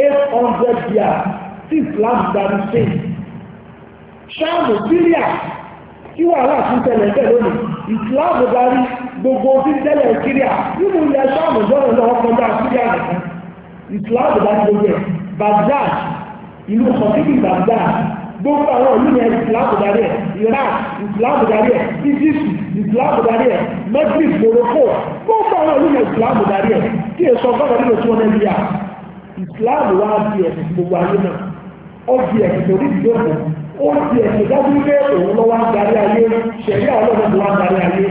Speaker 1: eight hundred years tí ìsìláàmù darí spain ṣáàmù síríà kí wàhálà tún tẹ̀lẹ̀ tẹ̀ lónìí ìsìláàmù darí gbogbo tí tẹ̀lẹ̀ síríà nínú ilẹ̀ ṣáàmù jọ́nà lọ́wọ́ kọjá síríà nìkan ìsìláàmù darí gbogbo ẹ̀ baghdad ìlú kọ̀tíkì baghdad gbogbo àwọn òní yẹn ìsìláàmù darí ẹ̀ iraq ìsìláàmù darí ẹ̀ egypt ìsìláàmù darí ẹ̀ madrid morocco gbogbo àwọn òní yẹn ìsìláàmù darí ẹ̀ kí èso ọgọ́rọ̀ nínú tí wọ́n náà yíyà ìsìláàmù wá di ẹ̀sìn gbogbo ayé náà ó di ẹ̀sìn torí ìdókòó ó di ẹ̀sìn dájú pé òun lọ wá darí ayé ṣẹ̀rí àwọn ọlọ́run wá darí ayé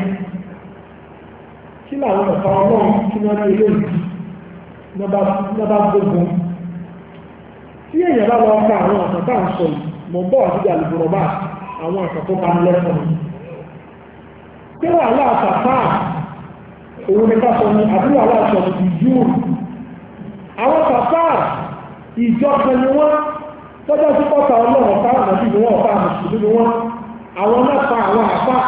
Speaker 1: kí làwọn ọ̀tá ọlọ́run kí wọ́n rí ilé ìdí lọ́ba gbogbo tí èèyàn bá lọ ka àwọn ọ̀tá tá ń sọ yìí mọ̀ ń àdúgbò bá àwọn àkàtọ́ bá ń ṣé òun àbúrò aláṣọ ìjú àwọn ni wọ́n tọ́jọ́ sí ọlọ́run ni wọ́n ni wọ́n àwọn mẹ́ta àwọn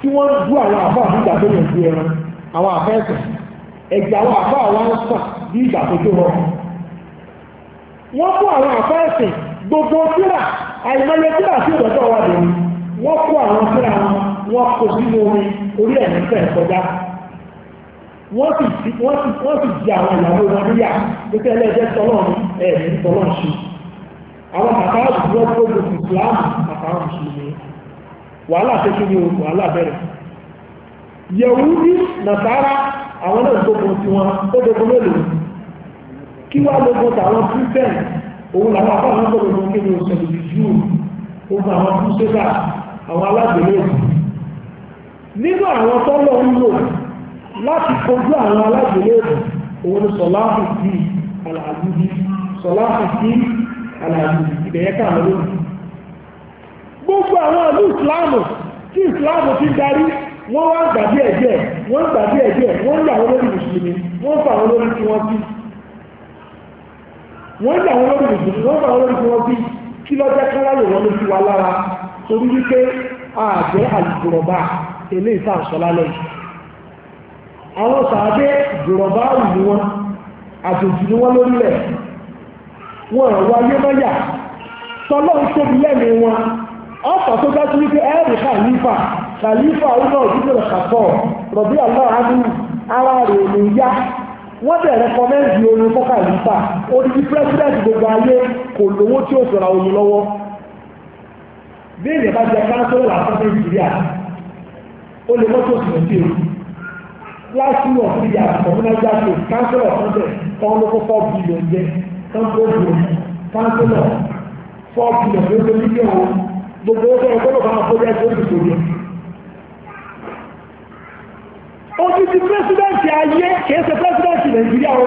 Speaker 1: tí wọ́n bú àwọn ìgbà tó ẹran àwọn ẹ̀sẹ̀ ẹ̀jẹ̀ wọ́n àwọn ẹ̀sẹ̀ gbogbo bíra àìmọye tí àti ìtọ́jọ́ wà lè ní wọ́n kó àwọn síra wọn kó sínú omi orí ẹ̀mí fẹ̀ kọjá wọ́n sì di àwọn ìyàwó wọn níyà pípẹ́ ẹlẹ́jẹ́ tọ́lọ́run ẹ̀mí tọ́lọ́run ṣe àwọn bàbá àdúgbò gbogbo ìsìláàmù bàbá mùsùlùmí wàhálà tó kí ni o wàhálà bẹ̀rẹ̀ yẹ̀wúdí nàtàrà àwọn náà gbogbo tiwọn ó gbogbo mélòó kí wàá gbogbo tàwọn kírísítẹ́nì òun làwọn afọ́nà gbọ́dọ̀ mọ́ kí jù ó àwọn fún sódà àwọn alágbèlè nínú àwọn tọ́lọ̀ ń lò láti kojú àwọn alágbèlè òun ni sọ̀láhù sí àlàáfíì sọ̀láhù sí àlàáfíì ìbẹ̀yẹ káàmù gbogbo àwọn ìlú ìsìláàmù tí ìsìláàmù ti darí wọ́n wá gbàdí ẹ̀jẹ̀ wọ́n gbàdí ẹ̀jẹ̀ wọ́n ń wọ́n ń dàwọn lórí ìdùnnú wọ́n ń dàwọn lórí ìdùnnú bí kí ló jẹ́ káláyò wọn ló fi wa lára torí wípé àjẹ́ àlùkùrọ̀bà eléyìí tá à ń sọ lálẹ́ yìí àwọn sàádé ìdùrọ̀bà àrù ni wọn àjòjì ni wọn lórílẹ̀ wọn ọ̀rọ̀ ayé mọ́yà tọ́lọ́ ń tóbi lẹ́nu wọn ọ̀pọ̀ tó dájú wípé ẹ̀rù kàlífà kàlífà ọ̀nà òjúbẹ̀rẹ̀ kàpọ̀ rọ̀bí àlọ́ àánú ara rẹ̀ ló yá wọ́n bẹ̀rẹ̀ kọ́mẹ́ǹtì orin ń tà ó ti president gbogbo ayé kò lówó tí ó sọ̀ra oyin lọ́wọ́ bí èèyàn bá jẹ káńsọ̀ wà fún nàìjíríà ó lè mọ́tò sùn sí o last year of the year for niger state council of hundred ló kó four billion jẹ kan tó bò council of four billion ló tó mílíọ̀n o gbogbo owó tó yẹ ló kàn án kó jẹ́ tó dìbò ayé kìí ṣe pírẹsidẹ́ǹtì nàìjíríà o.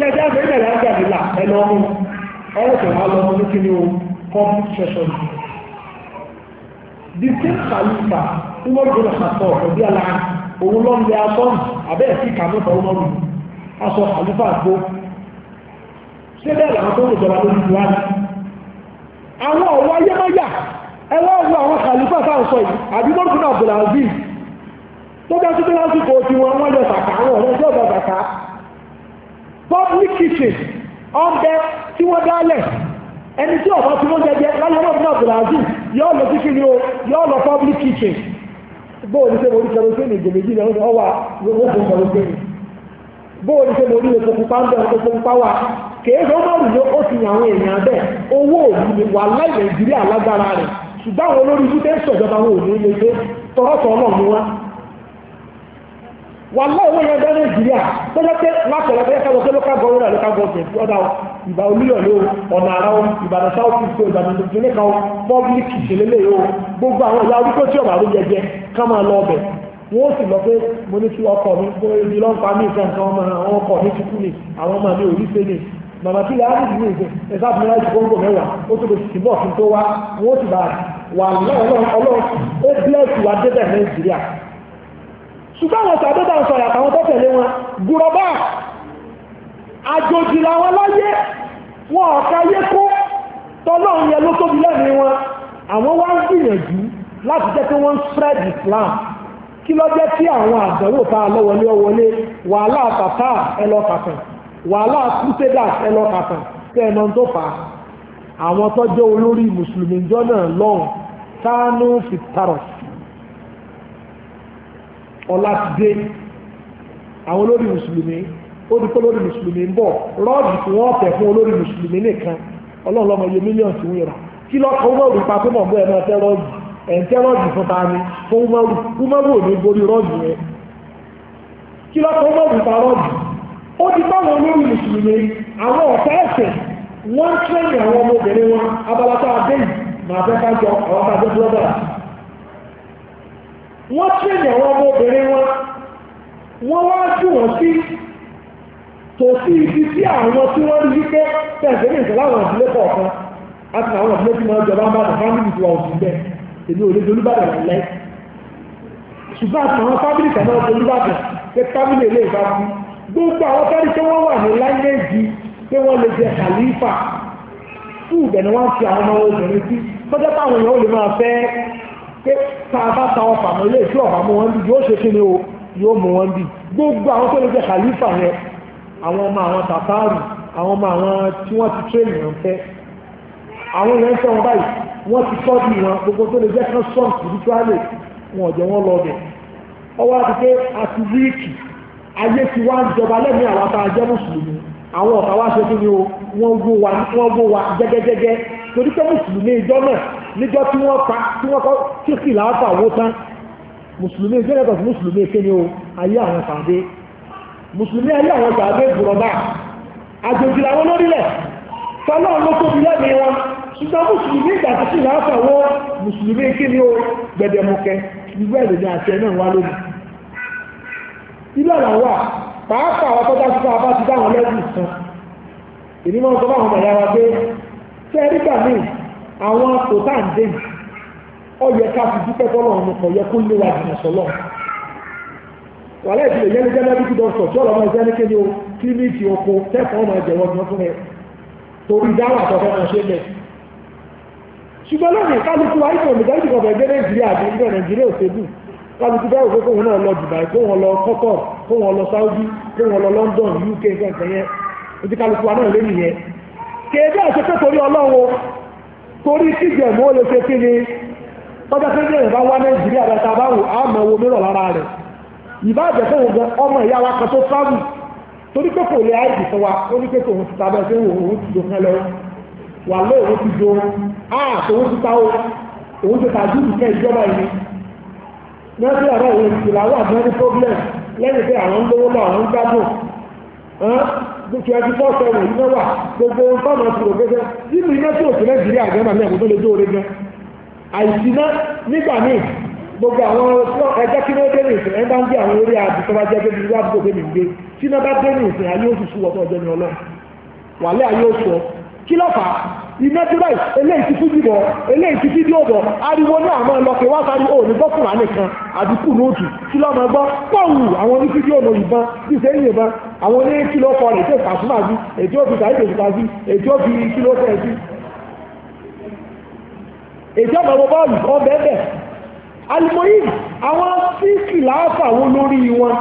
Speaker 1: lẹ́jọ́ ẹgbẹ́ ìbẹ̀rẹ̀ ajá nílà ẹlọ ọmọ ọrụ wa lọ ní kí ni o public session the same kàlùfà tí wọ́n gbé lọ́sàtọ̀ ọ̀bí àlá òun lọ́n lé asọ́ abẹ́ ẹ̀sìn kàmẹ́fà ọmọ rù aṣọ kàlùfà gbó ṣé bẹ́ẹ̀ làwọn tó ń jọba lórí ìlú àná àwọn ọ̀wọ́ ayémáyà ẹwọ́ ọ̀wọ́ àwọn kàlùfà sáwọn yìí àbí wọ́n gbé náà tó bá tún bí tí wọ́n wọ́n lọ sàkà àwọn ọ̀rẹ́ sàkà public kitchen ọ̀bẹ tí wọ́n dálẹ̀ ẹni tí ọ̀pá tí wọ́n jẹjẹ láyé brazil lọ sí kíni o yóò lọ public kitchen bóòlù mo rí kẹrọsẹ́nì lóògùn kẹrọsẹ́nì mo rí pupa ń pupa ó èèyàn owó òní ni wà láì nàìjíríà lágbára rẹ̀ ṣùgbọ́n àwọn olórí ibùdó ń wàlá ìwé yẹn bẹ́ẹ̀ nàìjíríà tó jẹ́ pé látọ̀lọ́ pé ká lọ local government local government ọ̀dà ìbá olúyọ̀ ló ọ̀nà àrà o ìbàdàn south east o ìbàdàn kan public ìṣẹ̀lẹ̀lẹ̀ gbogbo àwọn ìyá tí ọ̀bà ló jẹjẹ ká máa lọ ọbẹ̀ ti ni ṣùgbọ́n àwọn tàbí bá ń sọ̀rọ̀ àtàwọn tó tẹ̀lé wọn gùrọ̀bá àjòjì làwọn láyé wọn ọ̀ka yé kó tọ́lọ́run yẹ ló tóbi lẹ́nu wọn àwọn wá ń gbìyànjú láti jẹ́ pé wọ́n ń spread Islam kí ló jẹ́ tí àwọn àdánwò tá a lọ́wọ́lé ọwọ́lé wàhálà tàtà ẹlọ́kàtàn wàhálà crusaders ẹlọ́kàtàn tẹ́ ẹ̀nà tó fà á àwọn tó jẹ́ olórí mùsùlùmí jọ náà lọ́hùn tánú fìtárọ̀sì ọlátidé àwọn olórí mùsùlùmí ó dúpọ́ mùsùlùmí ń bọ̀ rọ́ọ̀dù tí wọ́n tẹ̀ fún olórí mùsùlùmí nìkan ọlọ́run lọ́mọ iye tí wọ́n yẹra kí lọ́kọ̀ umaru pa pé ẹ̀ máa tẹ́ ẹ̀ ń tẹ́ fún ta ni fún umaru umaru ò ní borí yẹn kí pa ó ti bá wọn lórí mùsùlùmí àwọn ọ̀tá ẹ̀sẹ̀ abalata màá fẹ́ ká wọ́n tẹ̀lé ọmọ ọmọbìnrin wọn wọ́n wá jù wọ́n sí tò sí ibi tí àwọn tí wọ́n rí wípé ní àwọn kọ̀ọ̀kan àwọn tí wọ́n jọba ń bá àwọn fámìlì tí wọ́n bẹ́ẹ̀ èmi ò lè di ṣùgbọ́n àti àwọn fámìlì pé fámìlì àwọn fámìlì ní láńgẹ́ẹ̀jì pé wọ́n lè jẹ kàlífà fún wọ́n fi àwọn ọmọ obìnrin sí táwọn èèyàn pé tá a bá ta ọfà mọ́ ilé ìfẹ́ ọ̀fà mú wọn bí yóò ṣe kí ni o yóò mú wọn bí gbogbo àwọn tó lè jẹ kàlífà yẹn àwọn ọmọ àwọn tàtàrù àwọn ọmọ àwọn tí wọ́n ti tún ènìyàn fẹ́ àwọn èèyàn fẹ́ wọn báyìí wọ́n ti tọ́ bí wọn gbogbo tó lè jẹ́ kán sọ́ọ̀n spiritually wọn ọ̀jẹ̀ wọn lọ bẹ̀ ọwọ́ àti pé àti wíìkì ayé ti wá ń jọba lẹ́mí àwọn àtàjẹ́ mùsùlùmí àwọn ọ̀tá wá ṣe kí ni o wọ́n gbó wa gẹ́gẹ́gẹ́gẹ́ torí pé mùsùlùmí ìjọ náà níjọ́ tí wọ́n pa tí wọ́n kọ́ tí kì láàpà wó tán mùsùlùmí jẹ́rẹ̀tọ̀ mùsùlùmí kéde o ayé àwọn sàdé mùsùlùmí ayé àwọn sàdé gbùrọ̀bà àjòjì làwọn lórílẹ̀ fọlọ́ ló tóbi lẹ́mìí wọn ṣùgbọ́n mùsùlùmí ìgbà tí kì láàpà wó mùsùlùmí kéde o gbẹdẹmukẹ ìgbẹ́ ìrìnà àti ẹ̀ náà wá lónìí ilé àlàwà pàápàá àwọn tọ́já sí fáwọn bá ti dáhùn lẹ́bù ìsan èmi máa ń sọ fáwọn ọmọ ìyá wa pé fẹ́ẹ́ nígbà míì àwọn apò ń dé yìí ó yẹ ká fi dúpẹ́ tọ́lọ̀ ọ̀nà kò yẹ kó léwà jìnà ìdílé yẹn ní jẹ́nẹ́bí kí dọ́kítọ̀ tí ọlọ́mọ ẹgbẹ́ ní kéde o kílíìkì oko tẹ́kọ̀ọ́ ọmọ ẹgbẹ́ wọn fún ẹ torí dáwà ṣe bẹ́ẹ̀ ṣùgbọ́n lónìí kálukú nàìjíríà àti torí kí jẹ̀mú ó lè ṣe kí ni tọ́jọ́ pé jẹ̀mú bá wá nàìjíríà bàtà bá wù á owó mìíràn lára rẹ̀ ìbáàjẹ́ òun gan ọmọ ìyá wa kan tó sáàmù torí pé kò lè àìjì fún wa ó ní òun ti ta bẹ́ẹ̀ òun ti lọ wà òun ti òun twenty four seven yìí náà wà gbogbo ohun tó ọ̀nà ìṣòro gẹ́gẹ́ nínú iná tí òsì nàìjíríà gẹ́gẹ́ náà mẹ́rin tó lè dóore gan àìsíná nígbà míì gbogbo àwọn ẹjẹ́ kí ló dé ní ìsìn ẹ̀ńdá ń gbé àwọn orí àti tó bá jẹ́ pé bíi wá mi gbé tí iná bá dé ní ìsìn ayé oṣù sùwọ́tọ̀ ọjọ́ ni ọlọ́run wàlẹ́ ayé oṣù ọ kí lọ́fà iná tí báyìí eléyìí ti fújì bọ̀ eléyìí ti fídíò bọ̀ ariwo ní àwọn ọlọ́kẹ̀ wá sáré òní gbọ́ fúnra nìkan àdúkù lóòtù kí lọ́mọ gbọ́ pọ̀wù àwọn ní fídíò mọ ìbọn tí sẹ́yìn ìbọn àwọn ní kíló kọ rẹ̀ tẹ̀ fàṣúmà sí ètò òfin sàyè tèṣù kà sí ètò òfin kíló kọ sí. ètò ọmọ bọ́ọ̀lù ọ bẹ́ẹ̀ alimoyin àwọn fíìsì láàfà wọn lórí wọn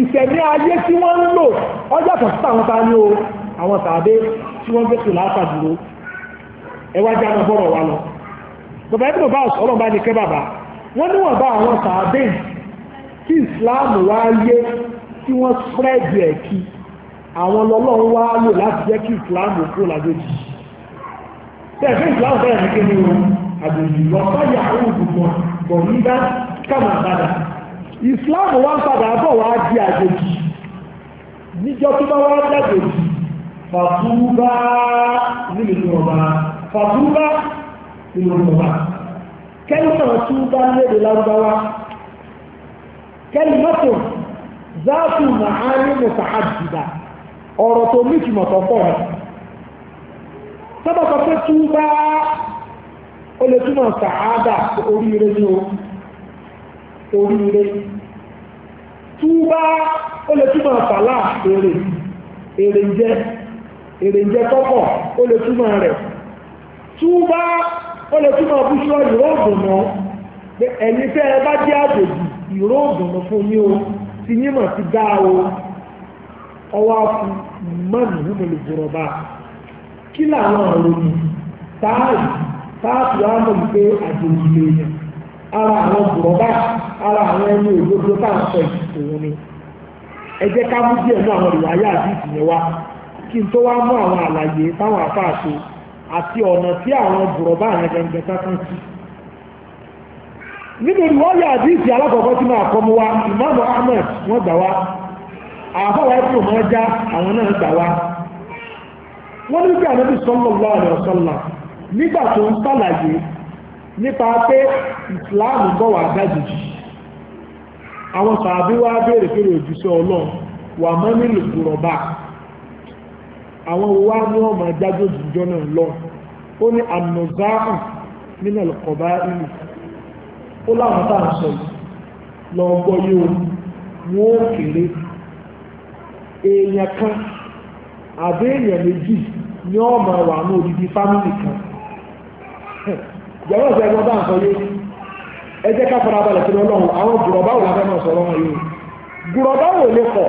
Speaker 1: ìṣẹ̀mí ayé tí wọ́n ń lò ọjà kàn sí àwọn ta ni o àwọn tàbí tí wọ́n gbé tó láàpá dúró ẹwájú àwọn bọ́rọ̀ wa lọ bàbá ẹbí bàbá ọlọ́ba ní kẹ́ bàbá wọ́n níwọ̀n bá àwọn sàábẹ́ tí Islam wá yé tí wọ́n spread ẹ̀ kí àwọn lọ́lọ́run wá lò láti jẹ́ kí Islam kó lájòjì tẹ̀sí Islam bẹ̀rẹ̀ ní kí ni o àjòjì lọ fáyà àwọn òdùnkọ̀ bọ̀ nígbà kàmà padà Islam wá ń padà bọ̀ wá di àjòjì níjọ́ tó bá fàtúbá nílùú tí wọ́n bá fàtúbá nílùú tí wọ́n bá kẹ́lìmọ̀ túbá lédè lárúbáwá kẹ́lìmọ̀tò záàtù màárín mùsàádìdà ọ̀rọ̀ tó nítumọ̀ tó pọ̀ rẹ̀ sábàtọ̀ pé túbá ó lè túmọ̀ sàádà oríire ní o oríire túbá ó lè túmọ̀ fàlà èrè èrè jẹ́ èrè jẹ tọpọ o lè túmọ̀ rẹ̀ túbá o lè túmọ̀ búṣọ́ ìró òdùnnú ẹ̀yin tẹ́ ẹ bá ìró fún yín o ti yímọ̀ ti dá o ọwọ́ fún mọ́nì nínú ìjọba kí làwọn àròyìn táàrí táàtù àjòjì ara àwọn ara àwọn ẹni òdodo ni ẹ ká mú àwọn ìwà ayé wa. kí n tó wá mú àwọn àlàyé táwọn àfáà àti ọ̀nà tí àwọn bùrọ̀bá àwọn gẹ̀ǹgẹ̀ sákàn sí nínú ìwọ́lẹ̀ àdíìsì alákọ̀ọ́kọ́ tí máa kọmọ wa ìmáàmù ahmed wọ́n gbà wá àfáwà ẹ̀kùn máa já àwọn náà gbà wá wọ́n ní bí ànábì sallallahu alaihi wasallam nígbà tó ń sàlàyé nípa pé ìsìláàmù bọ̀ wá àwọn sàbí wá béèrè pé ọlọ́run wà mọ́ nílùú bùrọ̀bá àwọn wa ní ọmọ ajájó jíjọ náà lọ ó ní ànàzáàmù nínú ẹ̀kọ́bá ìlú ó láwọn tá à ń sọ yìí lọ gbọ́ yóò wọ́n ó kéré èèyàn kan àbí èèyàn méjì ní ọmọ wà ní odidi fámìlì kan ìjọba ìṣẹ́ ẹgbẹ́ bá ń sọ yé ẹ jẹ́ ká fara balẹ̀ sí lọ́wọ́ àwọn gùrọ̀báwò la fẹ́ sọ̀rọ̀ wọn yìí gùrọ̀báwò lè kọ̀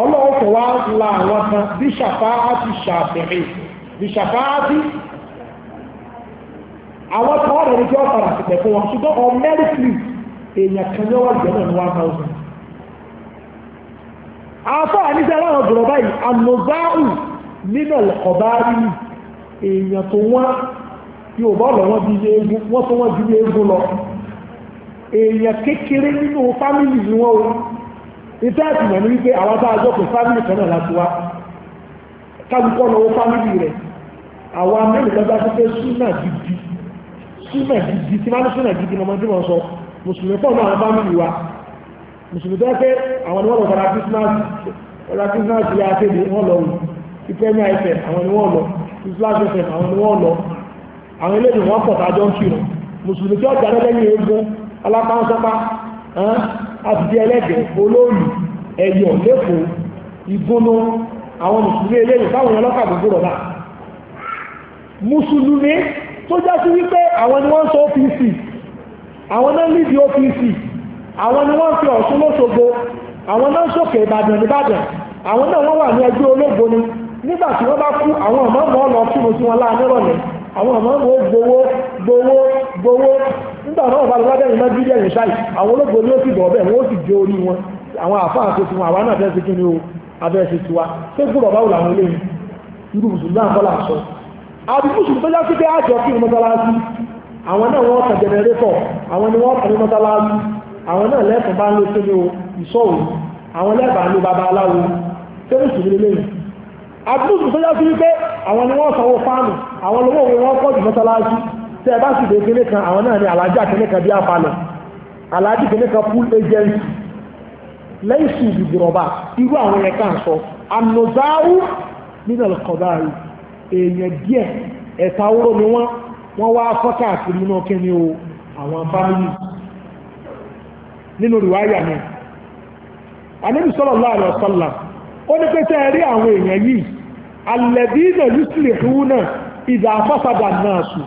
Speaker 1: ọlọ́wọ́ tó wá la àwọn kan bí ṣàfáàtì ṣàfihì bí ṣàfáàtì àwọn kan wọ́n rẹ̀ jọ́ ọ̀tàrà sí pẹ̀fún wọn ṣùgbọ́n on merit list èèyàn kan yóò wà jẹ́ náà ní one thousand. afọ́ àníṣe aláwọ̀ gbọ̀rọ̀ báyìí ànọ́záù nínú ọ̀bá rí èèyàn tó wọ́n yóò bá ọ̀lọ́ wọn bí ilé egun wọ́n tó wọ́n ju ilé egun lọ èèyàn kékeré nínú fámìlì ni wọ́n ìfẹ́ àtìmọ̀ ní wípé àwọn bá ajọ́kùn fámìlì kan náà láti wá kájúkọ́ lọ́wọ́ fámìlì rẹ̀ àwọn amẹ́rin lọ́gbà tó fẹ́ súnà gidi súnà gidi tí máa ń súnà gidi lọ́mọ tí wọ́n sọ mùsùlùmí pọ̀ náà fámìlì wa mùsùlùmí tó fẹ́ àwọn ni wọ́n lọ fara christmas ilé akéde ni wọ́n lọ islam àbìdí ẹlẹ́gbẹ̀ olóòlù ẹ̀yọ̀ lẹ́kọ̀ọ́ ìgbóná àwọn mùsùlùmí eléyìn táwọn ọlọ́kà gbogbo rọ̀ náà mùsùlùmí tó já sí wípé àwọn ni wọ́n sọ OPC àwọn náà lídìí OPC àwọn ni wọ́n fi Ọ̀ṣun lóṣogbo àwọn náà sókè Ìbàdàn nìbàdàn àwọn náà wọ́n wà ní ẹgbẹ́ olóògbóni nígbà tí wọ́n bá kú àwọn ọ̀mọ́mọ́ lọ kí mo sí wọn láàárọ̀ nìyẹn àwọn ọmọ ọmọ gbowó gbowó gbowó nígbà náà ní àwọn ni ó wọ́n ó sì orí wọn àwọn àfáà tó ti wọn kí ni o abẹ́ẹ̀ sí tiwa tó gbúdọ̀ báwo làwọn eléyìí irú mùsùlùmí àwọn náà wọ́n kàn jẹnẹrétọ̀ àwọn ni wọ́n kàn abúlùsù tó yá sí wípé àwọn ni wọ́n sanwó fáàmù àwọn lówó òwe wọ́n pọ̀jù mọ́sálásí tẹ́ ẹ bá sì dé kíní kan àwọn náà ni alájì àkíní kan bí apalẹ̀ alájì kíní kan full agency lẹ́yìn sí ìdìbòrọ̀bà irú àwọn yẹn kan sọ anozáwù nínú ọ̀kọ̀bárì èèyàn díẹ̀ ẹ̀ta oró ni wọ́n wọ́n wá fọ́ káàkiri inú kíní o àwọn fámìlì nínú rìwáyà náà anábì sallallahu alaihi wasallam ó ní pé tẹ́ rí àwọn èèyàn yìí alẹ́bí náà yúsùlẹ̀ fún náà ìdá afọ́fadà náà sù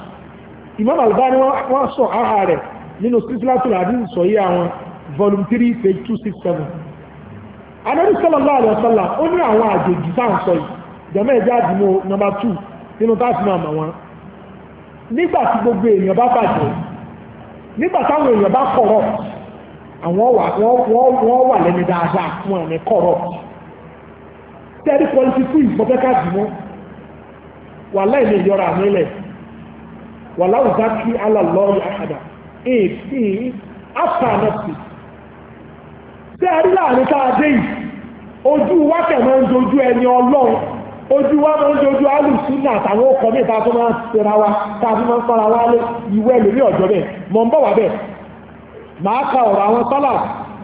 Speaker 1: Imam Albani wọ́n sọ ara rẹ̀ nínú sísílátù àdín sọ yí àwọn volume three page two six seven Ànábì sallallahu alaihi wasallam ó ní àwọn àjèjì tá à ń yìí jẹ́mọ́ ẹ̀jẹ̀ àdìmọ́ number two nínú táàtì náà mọ̀ wọn nígbà tí gbogbo èèyàn bá bàjẹ́ nígbà táwọn èèyàn bá kọ̀rọ̀ àwọn wà lẹ́ni dáadáa fún ẹ̀mí kọ̀rọ̀ tẹ́rí pọ́lítì fún ìgbọ́fẹ́ká dùnmọ́ wà láì lè yọra àmì ilẹ̀ wà láwùjá kí alàlọ́ọ̀rì àkàdà èèpì àpànàpì tẹ́rí láàrin tá a dé yìí ojú wa kẹ̀mọ́ ń dojú ẹni ọlọ́run ojú wa máa ń dojú àtàwọn ọkọ̀ tó máa ń sera wa fi máa ń fara wa lé ìwé wá bẹ́ẹ̀ màá ka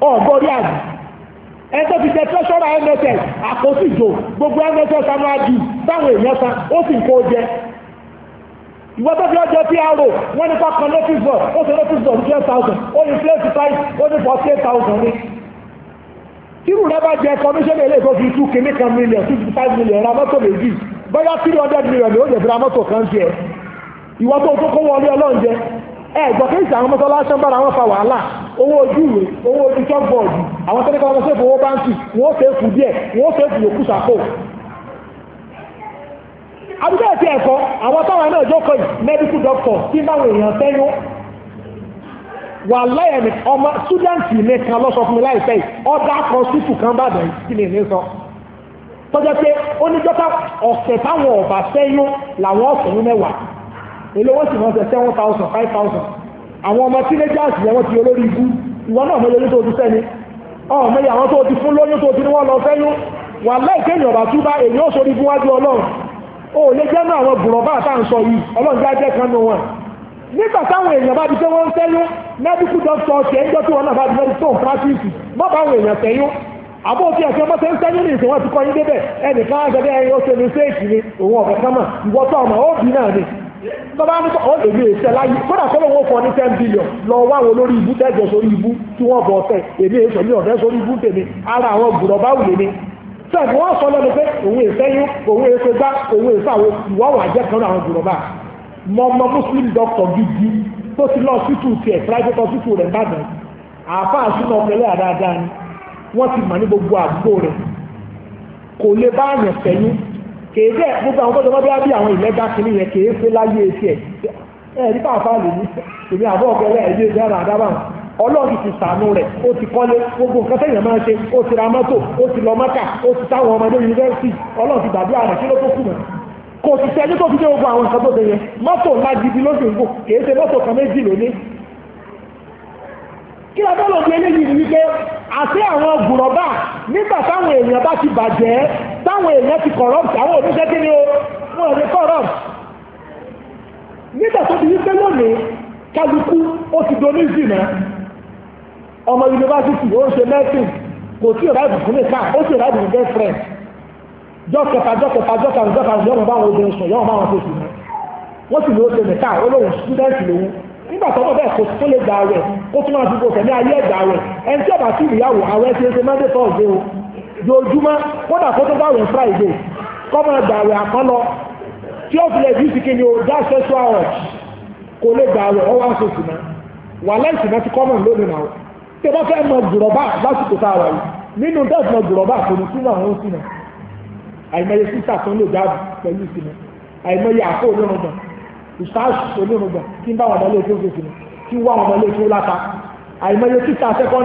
Speaker 1: ọ̀gọ́rí àbí ẹjọ́ ti tẹ tẹ́ṣọ́rà nss àkóso gbogbo nss àmọ́ àbí èèyàn san ó sì kó jẹ ìwọ tó fi ọjọ́ wọ́n nípa kan notice board ó sì notice thousand ó ní place ó ní forty ní. rẹ bá jẹ commission èlé fi two kìíní kan million million ra mọ́tò méjì bóyá three hundred million ni ó lè fi ra mọ́tò kan jẹ ìwọ tó wọlé ọlọ́run jẹ àwọn mọ́tò bára wọn fa wàhálà owó ojú ìwé owó ojú chalkboard àwọn tó ní ká wọn ṣe fowó báńkì wọn ó ṣe é fún díẹ̀ wọn ó ṣe é fún yòókù sàpò àbúkọ ẹ̀tí ẹ̀kọ́ àwọn táwọn náà jókòó yìí medical doctor tí báwọn èèyàn sẹ́yún wà láyẹ̀ ní ọmọ student mi kan lọ́sọ fún mi láìpẹ́ yìí ọ̀dà kan sífù kan bá bẹ̀rẹ̀ kí ni èmi sọ tọ́jọ́ pé ó ní dọ́tà ọ̀sẹ̀ táwọn ọ̀bà sẹ́yún làwọn ọ̀sẹ̀ ní mẹ́wàá èlé wọ́n sì mọ̀ ọ̀sẹ̀ seven thousand five thousand àwọn ọmọ teenagers yẹn wọ́n ti olórí ibú ìwọ náà mọ̀ lórí tó ti sẹ́ni ọ̀hún mẹ́yà àwọn tó ti fún lóyún tó ti ní wọ́n lọ fẹ́yún wà láìké èèyàn bá túbá èyí ó sorí fún wájú ọlọ́run ó lè jẹ́ náà àwọn bùrọ̀bá àtà ń sọ yìí ọlọ́run já jẹ́ kan nù wọn nígbà táwọn èèyàn bá di pé wọ́n ń fẹ́yún medical doctor ṣe ń jọ́ tí wọ́n náà bá di medical practice mọ́ bá àwọn èèyàn fẹ́yún àbó tí ẹ̀sẹ̀ mọ́sẹ̀ ń sẹ́yìn ní ìsìn wọn ti kọ́ yín débẹ̀ ẹnìkan á sọ bí ẹyin ó ṣe ní séèkì ni òun tọ́ba ní kọ́ ọ́n èmi èsẹ́ láyé kódà kọ́lọ̀ wọn fọ ní ten billion lọ wá wọn lórí ibú tẹ́jọ sórí ibú tí wọ́n bọ̀ ọ̀tẹ̀ èmi èsẹ́ mi ọ̀dẹ́ sórí ibú tèmi ara àwọn gbùrọ̀ bá wùlé ni sẹ́ẹ̀kì wọ́n sọ lọ́nà pé òun èsẹ́ yín òun èsẹ́ gbá òun èsẹ́ àwọn ìwọ́ wà jẹ́ kan àwọn gbùrọ̀ bá mọ́mọ muslim doctor gidi tó ti lọ hospital tiẹ̀ private hospital rẹ̀ bàdàn àáfàá sínú ọ̀pẹ̀lẹ̀ àdáadáa ni wọ́n ti mà ní gbogbo àdúgbò rẹ̀ kò le bá àyàn fẹ̀yìn kèé bẹ́ẹ̀ gbogbo àwọn tọ́jọ́ bá bí àwọn ìlẹ́gà kìíní yẹn kèé fẹ́ láyé etí ẹ̀ ẹ̀ ní pàápàá lè ní èmi àbọ̀ ọ̀gẹ́rẹ́ ẹ̀ yé dára àdábà ọlọ́run ti sànú rẹ̀ ó ti kọ́lé gbogbo nǹkan tẹ̀yìn máa ń ṣe ó ti ra mọ́tò ó ti lọ mọ́kà ó ti táwọn ọmọdé yunifásitì ọlọ́run ti gbàdúrà rẹ̀ kí ló tó kù mọ́ kò sì ṣe ẹjọ́ tó fi dé gbogbo àwọn nǹkan tó dé yẹn mọ́tò ńlá gidi ló sì ń gùn kì í ṣe mọ́tò kan méjì lónìí kí la bọ́ lòdì eléyìí ni wípé àti àwọn gùrọ̀bà nígbà táwọn èèyàn bá ti bàjẹ́ táwọn èèyàn ti corrupt àwọn oníṣẹ́ kí ni o wọ́n rí corrupt nígbà tó ti wípé lónìí kálukú ó ti do nízì náà ọmọ yunifásitì ó ń ṣe mẹ́sìn kò tí ò ráìbù fún nìkan ó sì ráìbù fún best friend jọ́kẹta jọ́kẹta jọ́kẹta jọ́kẹta yọ̀mọ̀ báwọn obìnrin sùn yọ̀mọ̀ báwọn tó sùn náà wọ́n sì ní ó ṣe nìkan olóhùn student lòun nígbà tó bẹ́ẹ̀ kò tó lè gbà rẹ̀ kó tó máa fi gbòòfẹ̀ ní ayé ẹ̀gbà rẹ̀ ẹni tí ọ̀bà sí ìyàwó àwọn ẹ̀ṣẹ̀ ṣe mẹ́tẹ̀ẹ̀tọ̀ ọ̀gbẹ́ o lójúmọ́ kódà kó tó dáwẹ̀ friday kọ́mọ dàwẹ̀ àkọ́lọ tí ó filẹ̀ bíi sìkìnyí o dá sẹ́sọ́ àwọ̀ kò lè dàwẹ̀ ọwọ́ àṣòsì náà wà náà ti lónìí náà tí wọ́n fẹ́ mọ gbùrọ̀bá lásìkò tá a wà yìí nínú mọ gbùrọ̀bá kò ní sínú àwọn òsì náà àìmọye sísà tó àìmọye ìsáàsì kí ń bá wọn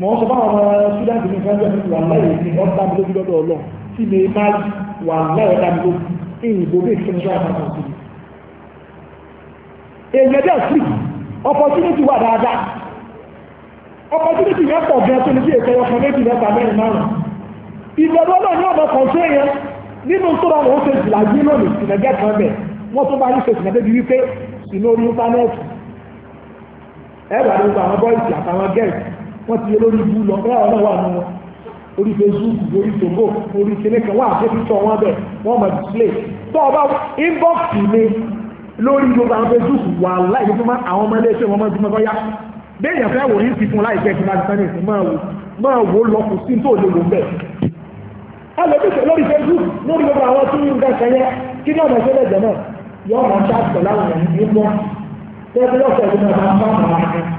Speaker 1: mọ̀ ọ́n sọ bá àwọn ṣúdáǹtì ní ìfẹ́ ìjọba wà láyé ní ọ̀dà mi lójú lọ́dọ̀ ọlọ́ tí mi má wà láyé ọ̀dà mi lójú èyí ìbò bí ìfẹ́ ìjọba máa kàn sí mi. èèyàn dẹ̀ sí opportunity wà dáadáa opportunity yẹn pọ̀ gan tó ní sí èkó ọkàn méjì mẹ́ta mẹ́rin márùn-ún ìjọba náà ní ọ̀dọ̀ kan sí èèyàn nínú tó bá wọn ó ṣe ìlàjì lónìí ìsìnàjẹ́ kan bẹ̀ wọ́n tún bá ní ṣe ìsìnàjẹ́ bíi wípé ìnú orí íńtánẹ́ẹ̀tì ẹ̀rọ àdúgbò àwọn bọ́ìsì àtàwọn gẹ̀ẹ́sì wọ́n ti yẹ lórí ibú lọ bẹ́ẹ̀ ọ̀nà wà nínú orí facebook orí togo orí kìnìkan wà àti pípọ̀ wọn bẹ̀ wọ́n mọ̀ display tó ọba inbox mi lórí gbogbo àwọn facebook wà láì fún ma àwọn ọmọ ilé iṣẹ́ wọn máa dúnmọ́ bọ́yá bẹ́ẹ̀ yẹn fẹ́ wò yín sí fún láìpẹ́ fún láti sáré sí máa wò máa wò lọ́kùn sí tó lè wò bẹ́ẹ̀ alẹ́bíṣẹ́ lórí facebook lórí gbogbo àwọn tí ń gbẹ̀ṣẹ̀ yẹn kí ní ọ̀nà ìṣẹ́lẹ̀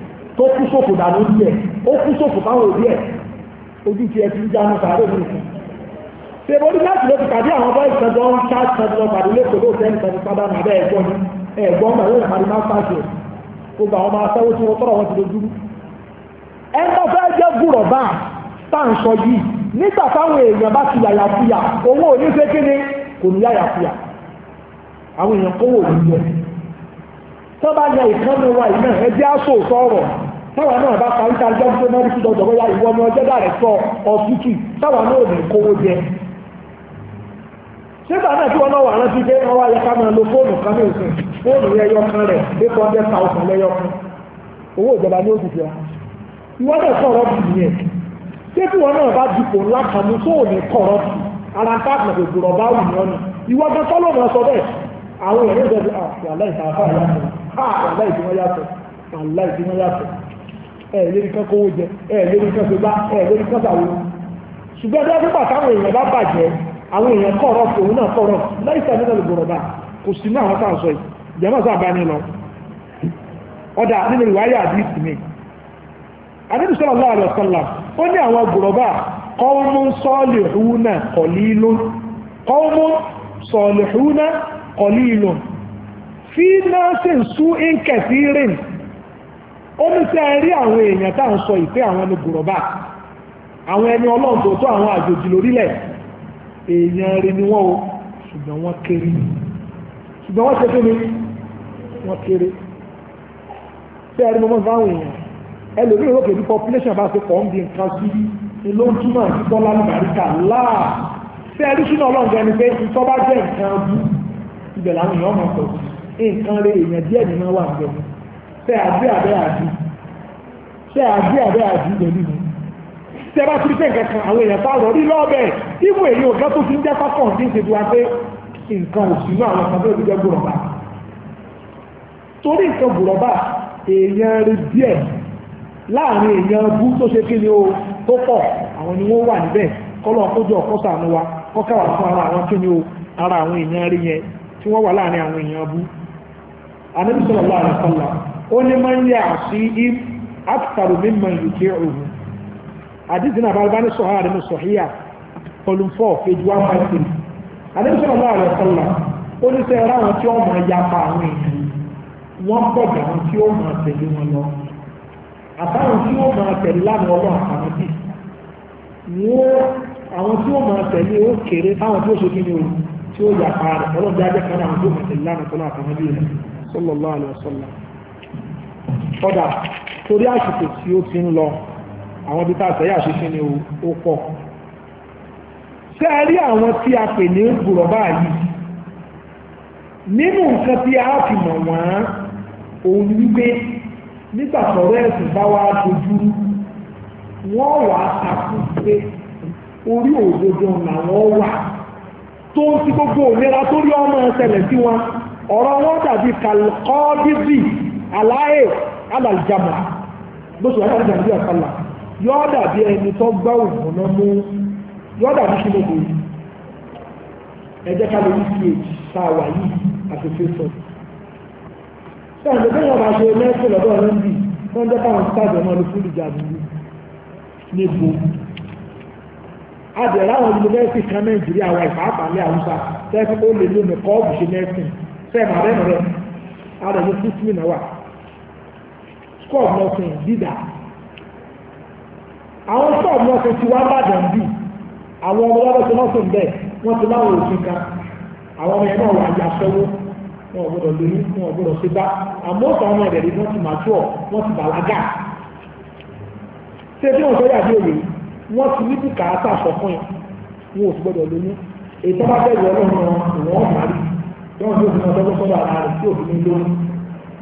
Speaker 1: tó kú sòfò dànù bí ẹ̀ ó kú sòfò báwọn òbí ẹ̀ ojú ti ẹ ń jánu sàárè mi nìkan ṣe bó ní láti ló ti pàdé àwọn bọ́ ìṣẹ́jọ́ ń ṣá ìṣẹ́jọ́ tàbí lẹ́kọ̀ọ́ ló fẹ́ nìkan nípadà nàbẹ́ ẹ̀gbọ́n ni ẹ̀gbọ́n náà lóyún àmàlí máa ń gbogbo àwọn máa sẹ́wó tí wọ́n tọ̀rọ̀ wọn ti dojú ẹ ń bọ́ jẹ́ gbùrọ̀ bá tá à ń sọ yìí nígbà táwọn èèyàn bá ti yàyà fìyà owó òní kíni kò ní yàyà fìyà àwọn èèyàn kówó òní jẹ tó yẹ ìkànnì wa ìmọ̀ ẹ jẹ́ àṣọ òtọ́ ọ̀rọ̀ táwa náà bá parí tá jẹ́ gbé mẹ́rin bóyá ìwọ ni ọjọ́ dàrẹ́ sọ ọ̀fíìkì táwa náà ò kówó jẹ. nígbà náà tí wọ́n náà wà rántí pé wọ́n wá yẹ ká máa lo fóònù kan ní òsìn fóònù yẹyọ kan rẹ̀ eight hundred thousand lẹ́yọ kan owó ìjọba ní bì yẹn ṣé tí náà ẹ̀ẹ́lérí kan kówó jẹ ẹ̀ẹ́lérí kan fi bá ẹ̀ẹ́lérí kan sàwó ṣùgbọ́n ẹgbẹ́ pípa táwọn èèyàn bá bàjẹ́ àwọn èèyàn kọ̀ọ̀rọ̀ òun náà kọ̀ọ̀rọ̀ náà bá kò sí náà wọ́n sọ yìí lọ ọ̀dà nínú ìwáyà àdìsí mi àdìsí sọ́lá lọ́wọ́ àlọ́ ó ní àwọn gbòròbà kọ́ọ̀mù sọ́ọ̀lìhúnà ó ní sẹ́ ẹ rí àwọn èèyàn tá à ń sọ ìfẹ́ àwọn ẹni gùrọ̀bà àwọn ẹni ọlọ́run tó tó àwọn àjòjì lórílẹ̀ èèyàn rí ni wọ́n o ṣùgbọ́n wọ́n kéré ṣùgbọ́n wọ́n ṣe fún mi wọ́n kéré sẹ́ ẹ rí mọ́mọ́ fáwọn èèyàn ẹlòmí ìrókè bí population bá ṣe pọ̀ ń di nǹkan sí ni ló ń túmọ̀ sí bọ́lá ní bàríkà láà sẹ́ ẹ rí sínú ọlọ́run jẹ́ pé ìtọ́ bá jẹ́ nǹkan ṣe àgbé àbẹ́ àdú ṣe àgbé àbẹ́ pẹ̀lú mi bá ti pé nǹkan kan àwọn èèyàn bá lọ rí lọ́ọ̀bẹ̀ ìwé èyí tó fi ń jẹ́ pápọ̀ ní wa pé nǹkan ti jẹ́ gbùrọ̀bà torí nǹkan gbùrọ̀bà èèyàn bú tó ṣe kí ni o tó pọ̀ àwọn ni wọ́n wà níbẹ̀ kọ́lọ́ wa fún ara àwọn oni man ya'si im aktaru mimman yuti'uhu hadith na balbani sahih da sahih column 4 page 153 hadith sallallahu alaihi wasallam oni se ra wọn tí ó ma ya pa àwọn èèyàn wọn wọn tí ó ma tẹ̀lé wọn lọ àtàwọn ma tẹ̀lé lana àtàwọn bí wọn àwọn tí ó ma tẹ̀lé ó kéré táwọn tí ó ṣe kí ni o tí ó rẹ̀ ọlọ́dún kan náà tí ó ma tẹ̀lé kódà torí àsìkò tí ó ti ń lọ àwọn bí táà sẹ́yà ṣe ní ó pọ̀ ṣé a rí àwọn tí a pè ní bùrọ̀bá yìí nínú nǹkan tí a fi mọ̀ wọ́n òun wípé nígbà sọ̀rọ̀ ẹ̀sìn bá wá dojú wọ́n wà á takú pé orí òdodo làwọn wà tó ń ti gbogbo òmìnira tó rí ọmọ ẹsẹ̀lẹ̀ sí wọn ọ̀rọ̀ wọn dàbí kàlùkọ́ bíbí àláyè alàjàmà bó ṣe wáyé àjàmà bí àkàlà yóò dàbí ẹni tó gbá òògùn náà mú yóò dàbí kí ló lóyún ẹ jẹ́ ká lè ní sí èjì tá a wà yìí àti fífọ́.
Speaker 2: sọ́ọ̀dù bí wọ́n bá ṣe mẹ́sì lọ́dọ̀ ọ̀rẹ́ ń bì wọ́n jẹ́ káwọn sáàbì ọmọ ní
Speaker 1: fúlù jà nínú níbo. àbẹ̀rẹ̀ àwọn yunifásitì kan nàìjíríà wà ìfàápàlẹ̀ àwùsá tẹ́sí ó lè lómi kọ́ọ̀bù ṣe mẹ́sìn fẹ́ẹ̀ màrẹ́mọ̀rẹ́ àrẹ̀ ní fúsùmí náà wà stop nothing dídà àwọn stop nothing ti wá bàdàn bì àwọn ọmọ lọ́dọ̀ tó nothing bẹ́ẹ̀ wọ́n ti láwọn òfin kan àwọn ọmọ yẹn náà wà ya sẹ́wó wọn ò gbọdọ̀ lóyún wọn ò gbọdọ̀ ṣe bá àmọ́ ọ̀sán ọmọ ẹ̀rẹ̀ ni wọ́n ti mature wọ́n ti bàlágà ṣé bí wọ́n fẹ́ yàgbé òye wọ́n ti ní bùkátà sọ̀kan wọn ò sì gbọdọ̀ lóyún èyí tó bá bẹ̀rù ọlọ́run wọn ò máa rí wọn ò ní òfin ọ̀dọ́gbọ́sọ́dọ̀ àlá rẹ̀ tí òfin lóyún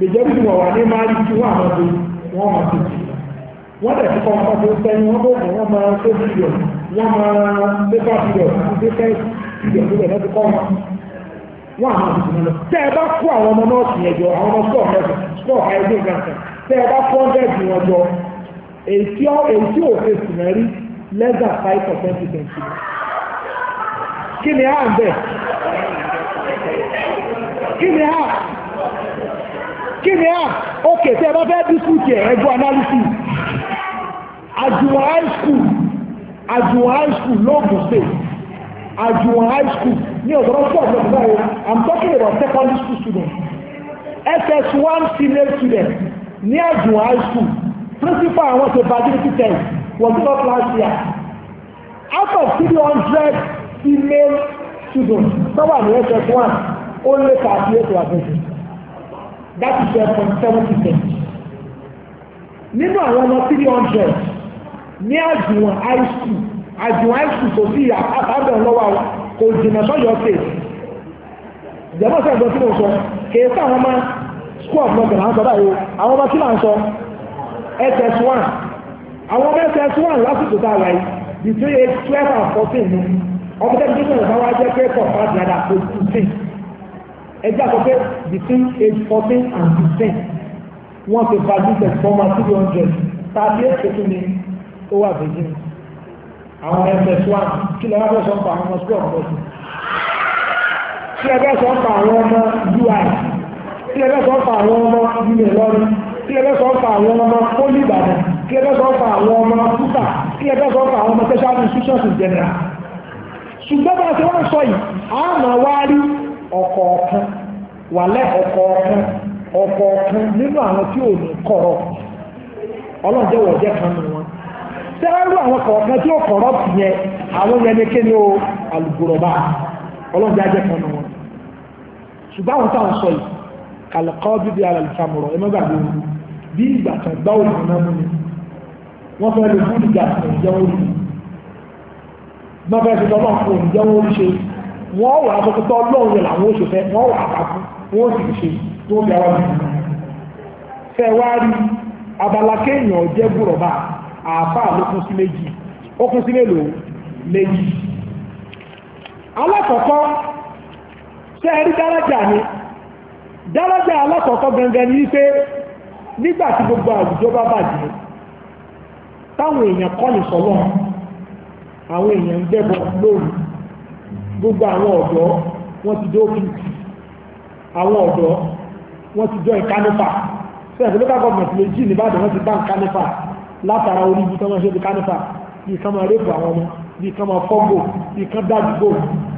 Speaker 1: lèjẹ́ bí wọ̀wà ní máa rí kí wọ́n àwọn ọdún wọ́n máa tó jù wọ́n dẹ̀ fi kọ́kọ́ tó sẹ́yìn wọ́n bó wọ́n máa tó jù wọ́n máa pépà jù àti pépà jù tó bẹ̀rẹ̀ fi kọ́ wọn wọ́n àwọn ọdún lọ tẹ́ ẹ bá kó àwọn ọmọ náà sì ẹjọ́ àwọn ọmọ sọ̀rọ̀ mẹ́fà sọ̀rọ̀ àìdí nǹkan tẹ́ ẹ bá kọ́ ọ́ndẹ̀dì wọn jọ èyí tí ò fẹ́ sì mẹ́rí less kí ni à kí ni à ókè tí ẹ bá fẹ́ dísùkì ẹ̀gbọ́ analysis àjùwọ̀n high school àjùwọ̀n high school lóògùn state àjùwọ̀n high school ní ọ̀dọ́rọ̀ sí ọ̀dọ́ ìgbà yẹn i'm talking about secondary school students ss1 female students ní àjùwọ̀n high school principal àwọn ṣe virginity test was not last year out of three hundred female students sọ́wọ́ àmì ss1 ó lé kàkí ètò àgbẹ̀sẹ̀ that is twelve point seven percent nínú àwọn ọmọ three hundred ní àjùwọ̀n high school àjùwọ̀n high school kò sí àbábẹ̀ lọ́wọ́ àwọn kò jìnnà sọ́yọ́ pé ìjọba sọ̀rọ̀ tí mo sọ kì í sáwọn ọmọ school of lọ́gàn àwọn sọ̀rọ̀ yìí àwọn ọmọ kí là ń sọ ss1 àwọn ọmọ ss1 lásìkò tá a wà yìí between age twelve and fourteen ni ọmọdé tó sọ̀rọ̀ bá wá jẹ́ pé kọ̀ọ̀kan àti àdàpọ̀ two things ẹjẹ́ àkọ́kẹ́ between age fourteen and fifteen wọ́n ti fa bí bẹ̀rẹ̀ fọ́mà three hundred tàbí ẹ̀kẹ́tù ni ó wà bèjì àwọn ms one kí lè wáá bẹ́ẹ̀ sọ pa àwọn ọmọ school of nursing kí lè bẹ́ẹ̀ sọ pa àwọn ọmọ ui kí lè bẹ́ẹ̀ sọ pa àwọn ọmọ ilẹ̀ lọ́rin kí lè bẹ́ẹ̀ sọ pa àwọn ọmọ poli ìbàdàn kí lè bẹ́ẹ̀ sọ pa àwọn ọmọ kúta kí lè bẹ́ẹ̀ sọ pa àwọn ọmọ special institutions in general ṣùgbọ́n bá a ti wá ń sọ yìí àwọn ọmọ rí ọ̀kọ̀ọ̀kan wàlẹ́ ọ̀kọ̀ọ̀kan ọ̀kọ̀ọ̀kan nínú àwọn tí ò ní kọ̀rọ̀ ọlọ́jọ́wọ̀ jẹ́ kan nù wọn àwọn kọ̀ọ̀kan tí ó kọ̀rọ̀ yẹn àwọn yẹn ní ni ó alùpùrọ̀bá ọlọ́jọ́ ajẹ́ kan nù wọn ṣùgbọ́n àwọn táwọn sọ yìí kàlùkọ́ bíbí ara lè ẹ bí ìgbà kan gbá òògùn náà mú ni wọ́n fẹ́ lè fún ìgbà wọ́n wà àkọ́kọ́tọ́ ọlọ́run yẹn làwọn oṣù wọ́n wà àkàkú wọ́n sì ṣe tí wọ́n fi ara fẹ́ wá rí abala kéèyàn jẹ́ gbùrọ̀bà àáfàá ló kún sí méjì ó kún sí mélòó méjì alákọ̀ọ́kọ́ ṣe rí dárájà ni dárájà alákọ̀ọ́kọ́ gangan ní pé nígbà tí gbogbo àwùjọ bá èèyàn kọ́ni àwọn èèyàn ń gbogbo àwọn ọ̀dọ́ wọ́n ti dó pt àwọn ọ̀dọ́ wọ́n ti join kánífà sẹ́ẹ̀fì local government méjì nìbàdàn wọ́n ti bá kánífà látara orí ibi tó wọ́n ṣe bí kánífà bí kan máa rẹ́pù àwọn ọmọ bí kan máa fọ́gbò bí kan dádùgbò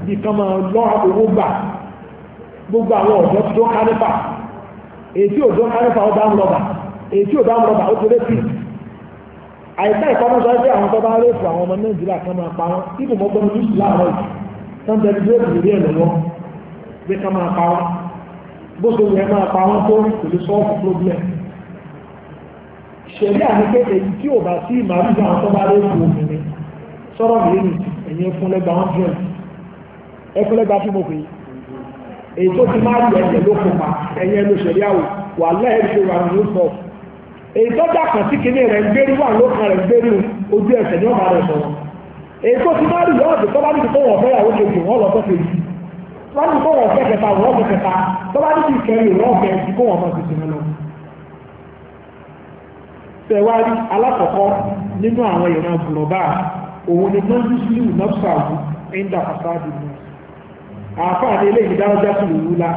Speaker 1: bí kan máa lọ́ owó gbà gbogbo àwọn ọ̀dọ́ ti dó kánífà èyí tí ò dó kánífà ó dá ń lọ́bà èyí tí ò dá ń lọ́bà ó ti rẹ́pì àìsàn ìpamọ́sọ ẹgbẹ́ àwọn tó bá rẹ́pù àwọn ọmọ Nàìjíríà kan máa pa wọn ibùmọ́gbọ́n tó ń bẹ̀rẹ̀ bí òbí rí ẹ̀ lọ́wọ́ bí ká máa pa wọ́n bó ṣe yẹ máa pa wọ́n tó kò lè sọ́ọ̀bù problem ìṣẹ̀lẹ̀ àti pé èyí tí ò bá sí ìmàlúgbà àwọn tó bá lè fò obìnrin sọ̀rọ̀ mìíràn ẹ̀yìn fúnlẹ́gbà wọn jẹ́ ẹ̀fúnlẹ́gbà fún mo pè é èyí tó ti máa rí ẹ̀yẹ ló kópa ẹ̀yẹ ló ṣẹ̀lẹ̀ àwò wà lẹ́yìn tó wà nínú sọ èyí tó dàkàn sí kinní rẹ̀ ń gbérí wà lókàn rẹ̀ ń gbérí ojú ẹ̀sẹ̀ ní ọ̀bà rẹ̀ sọ̀rọ̀ èyí tó ti máa rí yọ́ọ̀dù tó bá ní tó wọ̀ fẹ́yàwó kejì wọ́n lọ sọ́kè yìí tó bá ní tó wọ̀ fẹ́ kẹta wọ́n fẹ́ kẹta tó bá ní ìkẹyìn wọ́n fẹ́ ju kó wọ́n máa ti sinmi lọ. tẹ̀wárí alákọ̀ọ́kọ́ nínú àwọn ìran gbùrọ̀bá òun ni mọ́ndúsílù nọ́ọ̀sàwù ẹ̀ńdà fàṣáàdì ni àáfàá ní ilé ìdáwọ́ jásù lòwú la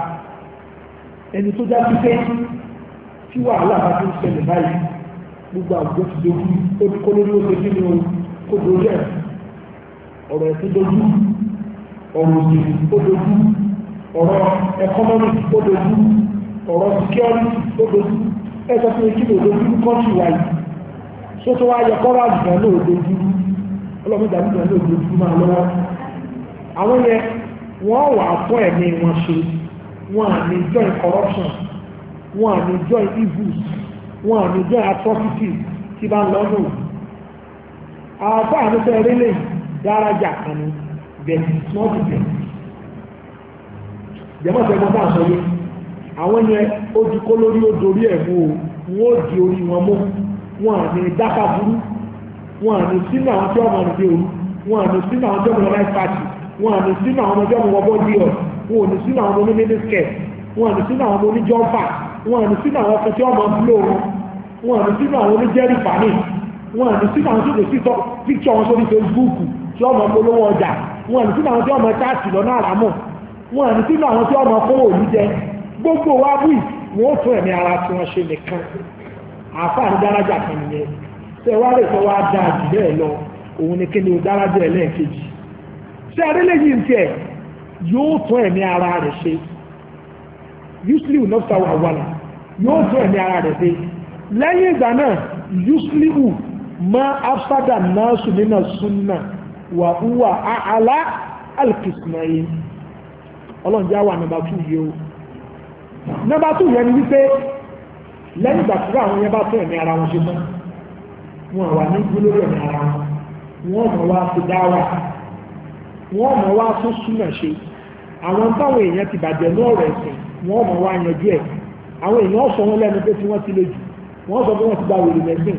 Speaker 1: ẹni tó jásù pé tí wàhálà bá ti ń ṣẹlẹ̀ báyìí gbogbo àwùjọ ti dojú ó ti kó lórí ó ti kí ni ó kó dojú ẹ̀ ọ̀rọ̀ ẹ̀sìn dojú ọ̀rọ̀ òṣèlú ó dojú ọ̀rọ̀ economic ó dojú ọ̀rọ̀ security ó dojú ẹ̀sọ́ fún ekí ló dojú kọ́ńtì wáyé tó tó wá yẹ kọ́ra àgbà náà dojú ọlọ́mọdé àgbà náà dojú máa lọ́wọ́ àwọn yẹn wọ́n wà fún ẹ̀mí wọn ṣe wọn à ní join corruption wọn à ní join evils wọn à ní join atrocities tí bá ń lọ́nà àbá àti sẹ́ẹ̀rẹ́lẹ̀ yìí Daraja kan ni bẹ̀rẹ̀ small business jẹ́mọ́ sẹ́gbọ́n bá sọ yé àwọn ẹni ó o wọ́n ó di orí wọn mú wọn à ní burú wọn à ní sínú àwọn tí ọmọ nìgbè òru wọn à ní sínú àwọn tí ọmọ ní sínú àwọn ọmọdé ọmọ ò ní sínú àwọn ọmọ skẹ̀t ní ọmọ oníjọ́fà wọn àti sí àwọn tí kò sí píkṣọ wọn sórí Facebook tí ọmọ polówó ọjà wọn àti sí àwọn tí ọmọ táàsì lọ náà rámọ̀ wọn àti sí àwọn tí ọmọ kówó òní jẹ gbogbo wa bù wọn ó tún ẹ̀mí ara tí wọ́n ṣe nìkan àfáàní dárájà kan nìyẹn tẹwàá lè fẹ́ wá dáa jù bẹ́ẹ̀ lọ òun ni kí ni ó dárájà ẹlẹ́ẹ̀kejì ṣé adélẹ́yìn tiẹ̀ yóò tún ẹ̀mí ara rẹ̀ ṣe yusliu nọ́fṣà wà wàlà yóò tún ẹ̀mí ara rẹ̀ ṣe lẹ́yìn ìgbà náà yusliu ma afsada nasu nínà súnà wà húwà àhàlá alkismayi ọlọ́njá wà nàbà tù yìí o nàbà tù yẹn ni wípé lẹ́yìn ìgbà tí àwọn yẹn bá tún ẹ̀mí ara wọn ṣe mọ́ wọn wà ní dúró lórí ẹ̀mí ara wọn wọn mọ̀ wá sí dáwà wọn mọ̀ wá tún súnà ṣe àwọn táwọn èèyàn ti bàjẹ́ ní ọ̀rọ̀ ẹ̀sìn wọn mọ̀ wá yanjú ẹ̀ àwọn èèyàn sọ wọn lẹ́nu pé tí wọ́n ti lè jù wọ́n sọ pé wọ́n ti gba wèrè mẹ́sìn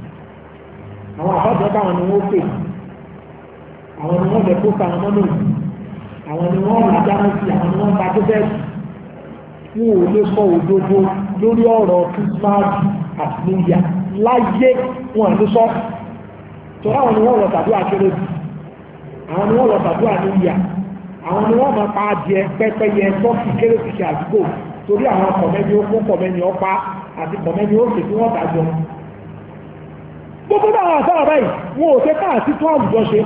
Speaker 1: àwọn àbájọ báwọn ni wọ́n pè àwọn ni wọ́n lè kó fa àwọn mọ́nà àwọn ni wọ́n rà dáná sí àwọn ni wọ́n ta tó bẹ́ẹ̀ sí wọn ò lè sọ òdodo lórí ọ̀rọ̀ Christmas àti New Year láyé wọn àti sọ tọ́lá àwọn ni wọ́n lọ tàbí àkérèdì
Speaker 2: àwọn ni wọ́n lọ tàbí àníyà
Speaker 1: àwọn ni wọ́n máa pa adìẹ pẹ́pẹ́yẹ tọ́kì kérésìkì àdúgbò torí àwọn kọ̀mẹ́ni ó kó ó pa àti kọ̀mẹ́ni ó sì fún ọ̀tà jọ gbogbo àwọn àfáà a wọn ò káàkiri tó àwùjọ ṣe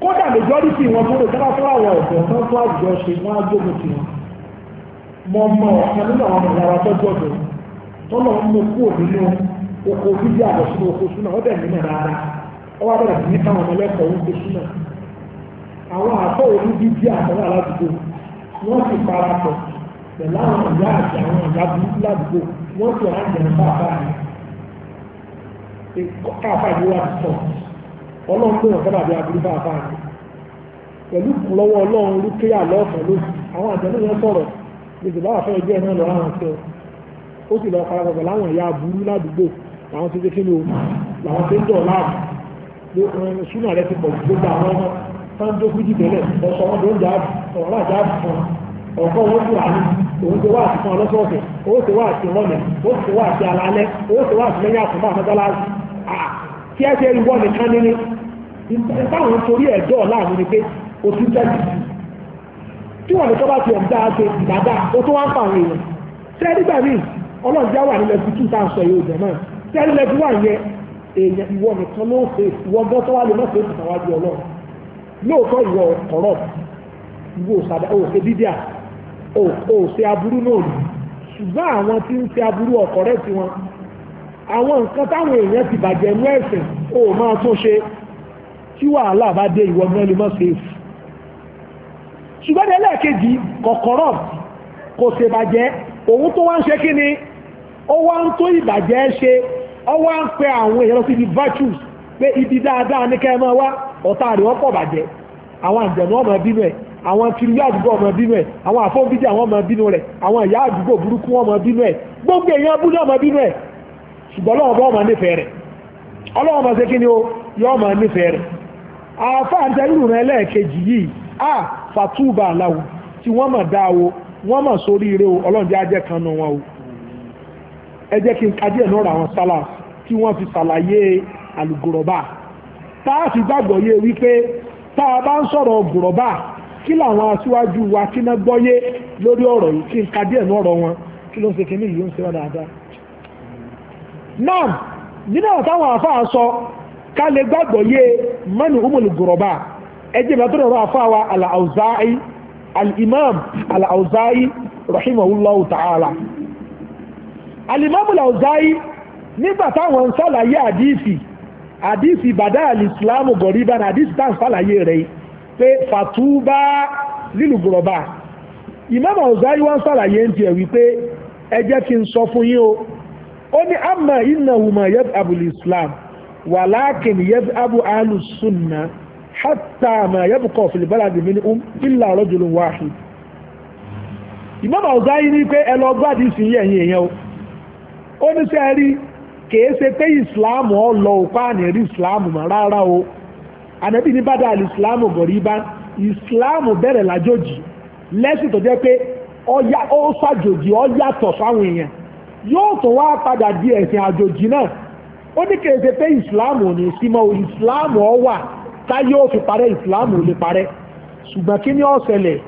Speaker 1: kódà wọn gbogbo sábàfáà wọn ọ̀dọ̀ tán tó àwùjọ ṣe wọn á gbógun ti wọn mọ mọ ọ̀kan nínú àwọn ọmọ ìyára tọ́jú tọ́lọ̀ ń mú kúrò nínú oko bíbí àbọ̀ sínú oko súnà ọ̀dẹ̀ nínú rárá ọwọ́ abẹ́rẹ́ sí káwọn ń súnà àwọn àtọ́ bíbí wọ́n parapọ̀ pẹ̀lú àwọn ìyá àti àwọn ìyá káàfà ní wà ní sàn ọlọ́run pé wọn sábà bí aburú bá bá rẹ̀ pẹ̀lú lọ́wọ́ ọlọ́run rúkẹ́yà lọ́ọ̀kan lóṣù àwọn àjọ náà sọ̀rọ̀ lèdè bá wà fẹ́ ẹgbẹ́ náà lọ́wọ́ àwọn sọ ó sì lọ parapọ̀ pẹ̀lú àwọn ìyá aburú ládùúgbò làwọn tó dé kíni o làwọn tó ń dọ̀ láàbù eh, súnà rẹ ti pọ̀ gbogbo àwọn ọmọ sáńdó fújì tẹ́lẹ̀ ọ̀sọ̀ wọn tó ń jà ọ̀rọ̀ àjà fún ọ̀kọ́ wọn fún àánú òun tó wà àti fún ọlọ́sọ̀ọ̀sẹ̀ ó ti wà àti ọlọ́mẹ̀ ó ti wà àti alalẹ́ ó ti wà àti lẹ́yìn àtúnbà mọ́tálásì kí ẹ ṣe ìwọ nìkan nínú ìtàwọn torí ẹ̀dọ́ láàrin ni pé o ti tẹ́lẹ̀ tí wọ́n ní tó bá ti ọ̀dá ṣe ìdàdá ó tó wá ń pa àwọn èèyàn tẹ́ nígbà míì ọlọ́ọ̀dá wà nílẹ̀ fi túta sọ yóò jẹ̀ náà tẹ́ nílẹ̀ fi wà yẹn èèyàn ìwọ nìkan ló ń ṣe ìwọ gbọ́ tó wá lè mọ́ṣe òkùnkùn wájú ọlọ́run lóòótọ́ ìwọ ọ̀rọ̀ ìwọ òṣàdá ò ṣe dídíà ò ṣe aburú náà ṣùgbọ́n àwọn tí ń ṣe aburú ọ̀kọ̀rẹ́ tiwọn àwọn nǹkan táwọn èèyàn ti bàjẹ́ ní ẹ̀sìn ó máa tún ṣe tí wàhálà bá dé ìwọ gan lè mọ́ safe ṣùgbọ́n ẹlẹ́ẹ̀kejì kọ̀kọ̀rọ̀ kò ṣe bàjẹ́ òun tó wá ń ṣe kí ni ó wá ń tó ìbàjẹ́ ṣe ó wá ń pe àwọn èèyàn lọ sí ibi virtues pé ibi dáadáa ní kẹ́ ẹ máa wá ọ̀tá rẹ̀ wọ́n pọ̀ bàjẹ́ àwọn àjẹ̀nú ọmọ bínú ẹ̀ àwọn kiri àdúgbò ọmọ bínú ẹ̀ àwọn àfọ́bíjì àwọn ọmọ bínú rẹ̀ àwọn ìyá àdúgbò burúkú ọmọ bínú ẹ̀ gbogbo èèyàn búlé ọmọ bínú ẹ̀ ṣùgbọ́n ọlọ́wọ́ ni ó yọ ọmọ nífẹ̀ẹ́ rẹ̀ àáfàá ń tẹ́lú rẹ̀ a fàtúbà aláwo tí wọ́n mọ̀ dá o wọ́n mọ̀ sórí ire o ọlọ́njẹ́ ajẹ́ kan nù wọn o ẹ jẹ́ kí n kájí ẹ̀ náà ra àwọn sálà tí wọ́n fi ṣàlàyé àlùgòròbà tá a fi gbàgbọ́ yé wípé tá bá ń sọ̀rọ̀ gòròbà kí làwọn aṣíwájú wa kí ná gbọ́yé lórí ọ̀rọ̀ yìí kí n kájí ẹ̀ náà rọ wọn kí ló ń ṣe kínní yìí ó ń ṣe wá dáadáa náà nínú àtàwọn àfáà sọ ká lè gbàgbọ́ yé mẹ́nu umul gùrọ̀bà ẹjẹ́ bá tọ́rọ àfáàwà al-Awza'i al-imam al-Awza'i rahimahullahu ta'ala al-imam al-Awza'i nígbà táwọn sálàyé àdífì àdífì bàdá al-islamu gọ̀ríbà ní àdífì táwọn sálàyé rẹ̀ pé fàtúbà lílù gùrọ̀bà imam al-Awza'i wọ́n sálàyé ń tiẹ̀ wípé ẹjẹ́ kí n sọ fún yín o ó inna àmà ìnáwùmá yẹ́b abul islam wàláàkìn yẹ́b abu alusunna hátà ma yẹ́b kọ̀ fìlìbálàdì mi um ìlà rọ́jòlù wáhì ìmọ̀mà ọ̀zá ní pé elu lọ isi ihe enye enye èèyàn o ó ní sẹ́ rí kèé ṣe pé ìsìláàmù ọ lọ òpá àná rí ìsìláàmù o ànábì yóò tó wá padà di ẹ̀sìn àjòjì náà ó ní kèrè ṣe pé ìsìláàmù ò ní sí mọ́ ìsìláàmù ọ wà tá yóò fi parẹ́ ìsìláàmù ò lè parẹ́ ṣùgbọ́n kí ni ó ṣẹlẹ̀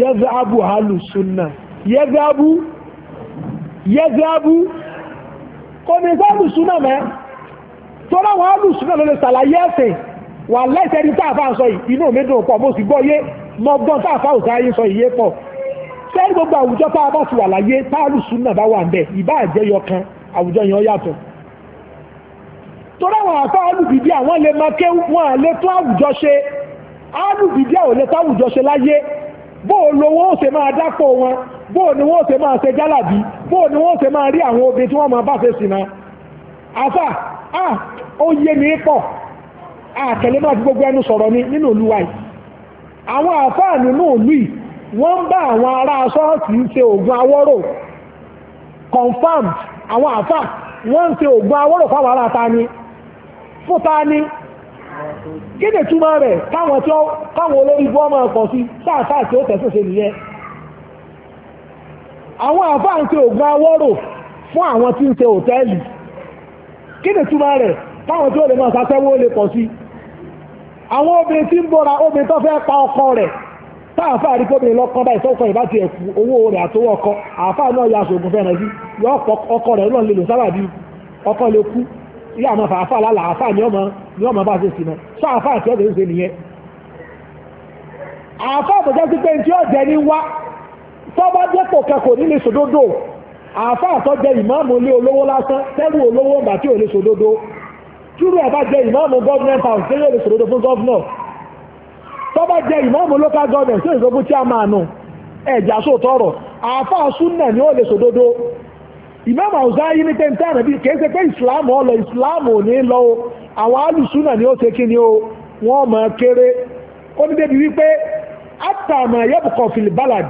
Speaker 1: yẹ́fẹ́ abu halu sunna yẹ́fẹ́ abu yẹ́fẹ́ abu kò ní sáàlù sunna mẹ́ tọ́lá wọn alu sunna ló lè ṣàlàyé ẹ̀sìn wà lẹ́sẹ̀ ní táàfà sọ yìí inú mi dùn pọ̀ mo sì gbọ́ yé mọ́gbọ́n táàfà òsáyé sẹ́yìn gbogbo àwùjọ tá a bá ti wà láyé bá wà ìbá àjẹyọ kan àwùjọ yẹn ó yàtọ̀ torí àwọn àfa alùbìdí àwọn lè máa ké wọn à lè tó àwùjọ ṣe alùbìdí àwọn lè tó àwùjọ ṣe láyé wọn ni ṣe máa ṣe jálàbí o ni ṣe máa rí àwọn obìnrin tí máa bá fẹ́ àfà à ó yé mi gbogbo ẹnu sọ̀rọ̀ nínú yìí àwọn wọ́n ń bá àwọn ará ṣọ́ọ̀tì ń se ògùn awọ́rò confirmed àwọn àfà wọ́n ń ògùn awọ́rò fáwọn ará ta ni fún ta ni túmọ̀ rẹ̀ káwọn tí káwọn olórí bọ́ ọmọ ọkọ̀ sí tí ó tẹ̀sùn ṣe nìyẹn àwọn àfà ń ògùn awọ́rò fún àwọn tí ń hòtẹ́ẹ̀lì rẹ̀ káwọn tí ó lè táàfà àríkóbìnrin lọ́kọ́ báyìí sọ́kọ́ ìbá ti ẹ̀kú owó rẹ̀ àtọwọ́ ọkọ àáfà náà ya aṣògùn fẹ́ràn sí yọ ọkọ rẹ̀ náà lè lò sábà bí ọkọ lè kú ilé àmọ́ fàáfà lálà àáfà ni ọmọ ni ọmọ bá ṣe sì mọ́ sọ àáfà àti ọ̀dẹ̀ ń ṣe nìyẹn. àáfà àtọ̀jọ́ sí pé tí ó jẹ ní wá sọ́bà dépò kẹkọ̀ọ́ nílé sòdodo àáfà àtọ́jẹ ìmáàmù ilé olówó lásán tẹ́rù olówó ń bà tí ò lè sòdodo túrú ẹ̀ bá jẹ ìmáàmù gọ́ọ̀mù bọ́bá jẹ ìmọ̀ọ́mù local government tó ìṣògùn tí a máa nù ẹ̀jà sóòtọ́rọ̀ àáfàá súnà ni ó lè sòdodo ìmọ̀ọ́mù àwùjá yìí ní pẹ́ntẹ́ àrẹ̀bí kìí ṣe pé ìsìláàmù ọlọ ìsìláàmù ò ní lọ o àwọn alùsúnà ni ó ṣe kí ni o wọ́n mọ̀ kéré ó ní débi wípé àtàmà yẹ́bùkọ̀ filibalad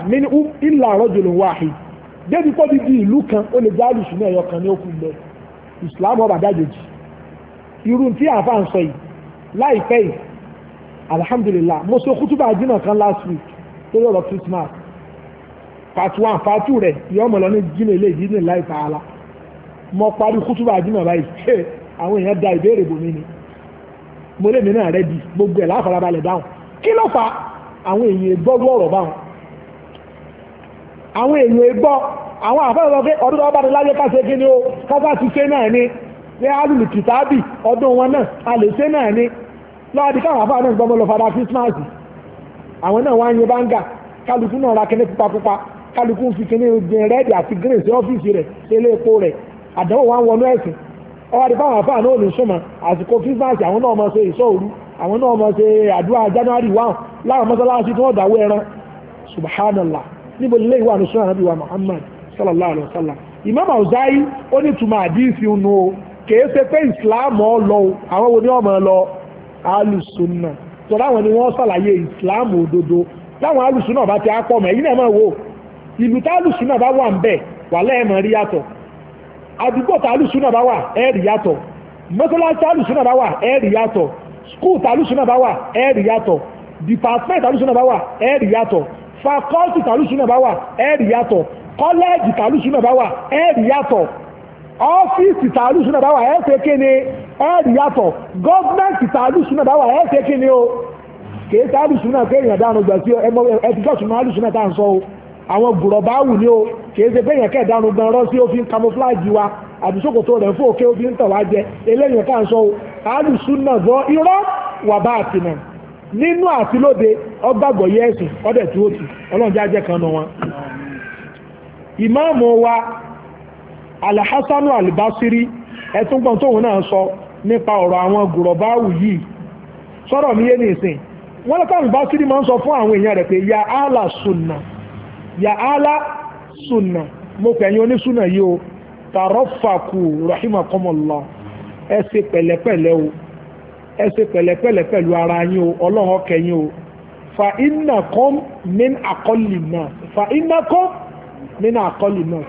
Speaker 1: kan ó lè jẹ́ alhamdulillah mo ṣe kútúbà jìnnà kan last week lórí ọ̀rọ̀ christmas part one part two rẹ̀ yọ ọmọ lọ ní jìnnà ilé jìnnà láì tààlà mo parí kútúbà jìnnà báyìí ṣe àwọn èèyàn da ìbéèrè bòmí ni mo lè mìíràn rẹ di gbogbo ẹ̀ láfarabalẹ̀ dáhùn kí ló fa àwọn èèyàn gbọ́ gbọ́rọ̀ báwọn àwọn èèyàn gbọ́ àwọn àfẹ́rẹ́ lọ pé ọdún tó bá dé láyé káṣe kí ni ó káṣá ti ṣe náà ni ní alùpùpù tàbí ọdún wọn náà a ṣe náà ni láàdí káwọn àbá náà gbọmọ lọ fada Christmas àwọn náà wáyé báńgà kálukú náà ra kíní pupapupa kálukú fi kíní gbin rẹ́ẹ̀dì àti green sí ọ́fíìsì rẹ̀ sí epo rẹ̀ àdánwò wa ń wọnú ẹ̀sìn ọwádìí káwọn àbá náà àwọn náà ṣe àwọn náà ṣe January one láwọn tí dàwó ẹran subhanallah níbo lè alùsùnà tó láwọn ni wọ́n sàlàyé ìsìláàmù òdodo láwọn alùsùnà bá ti á pọ̀ mẹ́yìn náà máa wò ìlú tá alùsùnà bá wà ń bẹ̀ wà lẹ́ẹ̀mọ̀ rí yàtọ̀ àdúgbò tá alùsùnà bá wà ẹ̀ rí yàtọ̀ mọ́sálásí tá alùsùnà bá wà ẹ̀ rí yàtọ̀ skul tá alùsùnà bá wà ẹ̀ rí yàtọ̀ department tá alùsùnà bá wà ẹ̀ rí yàtọ̀ faculty tá alùsùnà bá wà ẹ̀ rí yàtọ̀ college tá alùsùnà bá wà ẹ̀ rí yàtọ̀ ọ́fíìsì tààlù súnà báwà ẹ́ẹ̀fẹ́ kéne ẹ́ẹ̀rì yàtọ̀ gọ́ọ̀mẹ́ntì tààlù na báwà ẹ́ẹ̀fẹ́ kéne o kèé tààlù súnà kéèyàn dànù gbà sí ẹ̀fíkọ́ súnà àlù na tà ń o àwọn gùrọ̀báwù ni o kèé ṣe péyàn kẹ́ dànù gan sí fi wa àbísòkòtò rẹ̀ fún òkè ó fi ń tàn wá jẹ o irọ́ wà bá nínú àti lóde alhassanu albasiri ẹtúgbọ́n tóun náà sọ nípa ọ̀rọ̀ àwọn gùrọ̀báwù yìí sọ̀rọ̀ mi yé ní ìsìn wọ́n lọ́kọ́ albasiri máa ń sọ fún àwọn èèyàn rẹ̀ pé ya ala sunna ya ala sunna mo pè yín onísùnà yìí o tàrọ́fàkù rahimakumullah ẹ ṣe pẹ̀lẹ́pẹ̀lẹ́ o ẹ ṣe pẹ̀lẹ́pẹ̀lẹ́ pẹ̀lú ara yín o ọlọ́run ọkẹyìn o fa innakum min aqalli nas fa innakum min aqalli nas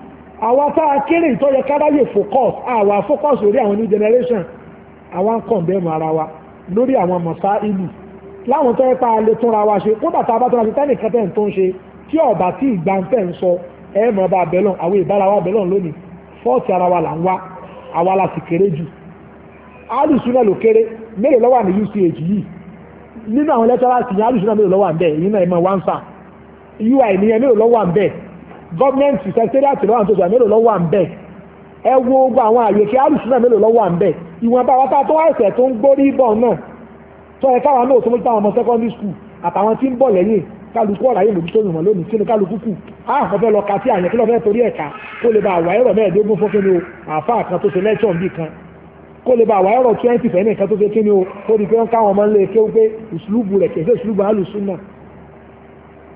Speaker 1: àwa tá a kéré ìtọ́jẹ káráyè focus àwa focus lórí àwọn new generation àwa ń condemn ara wa lórí àwọn mọ̀sá ìlú láwọn tó ń pa alẹ́ túnra wa ṣe kódà tá a bá tó ra ṣe tẹ́nìkan tẹ̀ ń tó ń ṣe tí ọ̀bà tí ìgbà ń tẹ̀ ń sọ ẹ mọ̀ bá bẹ́lọ̀n àwọn ìbára wa bẹ́lọ̀n lónìí fọ́ọ̀tì ara wa là ń wá àwa la sì kéré jù alùsùnà ló kéré mélòó lọ́wọ́ ní uch yìí nínú àwọn lẹ́tọ́rà sì ní alùsùnà mélòó lọ́wọ́ à ń bẹ̀ yìí náà ẹ̀ mọ̀ wá ń sà ui ní ẹ mélòó lọ́wọ́ à ń bẹ̀ gọ́ọ̀mẹ̀ntì sẹkítẹ́rìàtì lọ́wọ́ àtúnṣe mélòó lọ́wọ́ à ń bẹ̀ ẹ wo gbogbo àwọn àyè kí alùsùnà mélòó lọ́wọ́ à ń bẹ̀ ìwọ̀nba wa tó wá ẹ̀sẹ̀ tó ń gbórí bọ̀ náà tó ẹ káwa náà tó mú táwọn ọmọ secondary school àtàwọn tí ń bọ̀ lẹ́yìn kálukú ọ̀rọ̀ ayé lòdì tó yùn wọ́n lónìí sínú kálukú kù á ọ̀fẹ́ lọ ka sí àyàn kí lọ́fẹ́ torí ẹ̀ka kó lè bá àwà ẹ̀rọ mẹ́ẹ̀ẹ́dógún fún kíni o àáfà kan tó ṣe lẹ́tọ̀n bíi kan kó lè bá àwà ẹ̀rọ twenty fẹ́ẹ́ nìkan tó ṣe kíni o ó di pé wọ́n káwọn ọmọ ńlẹ̀ kéwú pé ìṣùlùbù rẹ̀ kẹ̀sẹ̀ ìṣùlùbù alùsùn náà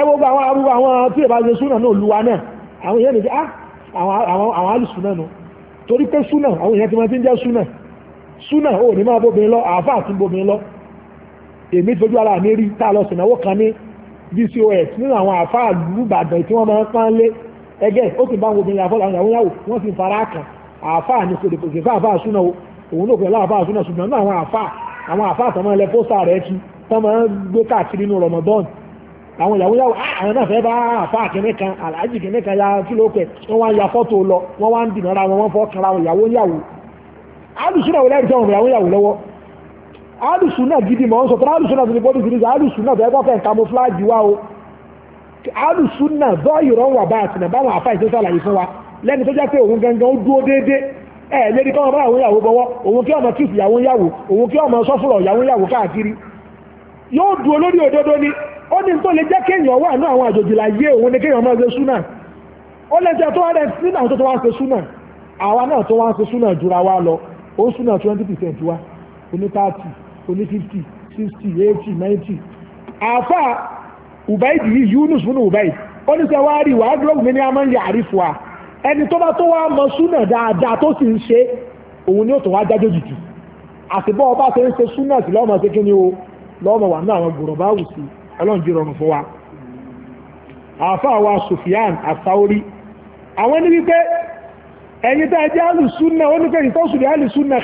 Speaker 1: ẹgbogbo àwọn arúgbó àwọn tí èbá ṣe súnà náà lúwa náà àwọn èèyàn nìkan ah, àwọn alùsù náà nù torí pé súnà àwọn èèyàn ti máa ti ń jẹ́ súnà súnà ò ní máa bóbin lọ àáfà àti bóbin lọ èmi fojú ara mi rí tá a lọ sìnàwó kan ní bcos nínú àwọn àáfà àlùbàdàn tí wọ́n máa ń pán lé ẹgẹ́ ó sì bá wọn obìnrin àfọlà àwọn ìyàwó wọn sì fara kàn àáfà ní kòtòkòtò fáfà súnà òun náà pẹ̀lú àáfà súnà ṣùgbọ́n náà àwọn àáfà àwọn àáfà àtàwọn ẹlẹ́pọ̀sà rẹ̀ ti tán máa ń gbé káàkiri nínú rọmọdọ́ọ̀nù àwọn ìyàwó yàwó ah, àwọn náà fẹ́ bá àfa àkẹ́mẹ́ kan aláàjì kẹ́mẹ́ kan ya kílò pẹ̀ wọ́n wá ń ya fọ́tò lọ wọ́n wá ń dìnà ara wọn wọ́n fọ́ kanra wọn ìyàwó yàwó alùsùn náà wọlé ẹ̀rí sọ̀rọ̀ ìyàwó yàwó lọ́wọ́ alùsùn náà gidi mọ̀ ń sọ fún alùsùn náà tó ti bọ́dù sírí alùsùn náà fẹ́ kọ́kẹ́ kamọ́fúláàjì wa o alùsùn náà dọ́ọ̀yì rọ̀ wà báyà sínú báwọn àfa ìṣẹ́ sàlàyé fún wa lẹ́ni tó jẹ́ pé òun gangan ó dúró déédéé ẹ̀ lédi kọ́mọ bá àwọn ìyàwó bọ́wọ́ òun kí ọmọ kíìsì ìyàwó ń yàwó òun kí ọmọ sọ́fúnlọ̀ ìyàwó ń yàwó káàkiri yóò dúró lórí òdodo ni ó ní tó lè jẹ́ kéèyàn wà ní àwọn àjòjì láyé òun ní kéèyàn máa ṣe súnà ó lè jẹ́ tó wá rẹ̀ sí náà tó tó wá ṣe súnà àwa náà tó wá ṣe súnà jura wa lọ ó súnà twenty percent wa oní thirty oní fifty sixty eighty ninety àfa ubaid yìí yunus fún ubaid ó ní sẹ wá rí wàá dúró mi ní a ń yà àrífò wa ẹni tó bá tó wá mọ súnà dáadáa tó sì ń ṣe òun ni ó tó wá dájọ́ jìjì àtibọ́ ọba ṣe ń ṣe súnà sí lọ́mọ ṣe kí ni o lọ́mọ wà ní àwọn gbòròbá wù sí i ọlọ́run jí rọrùn fún wa àáfàá wa Sufyan àsáórí àwọn ní wípé ẹ̀yin tá a jẹ́ alùsúnà ó ní pé ìtọ́sùn ní alùsúnà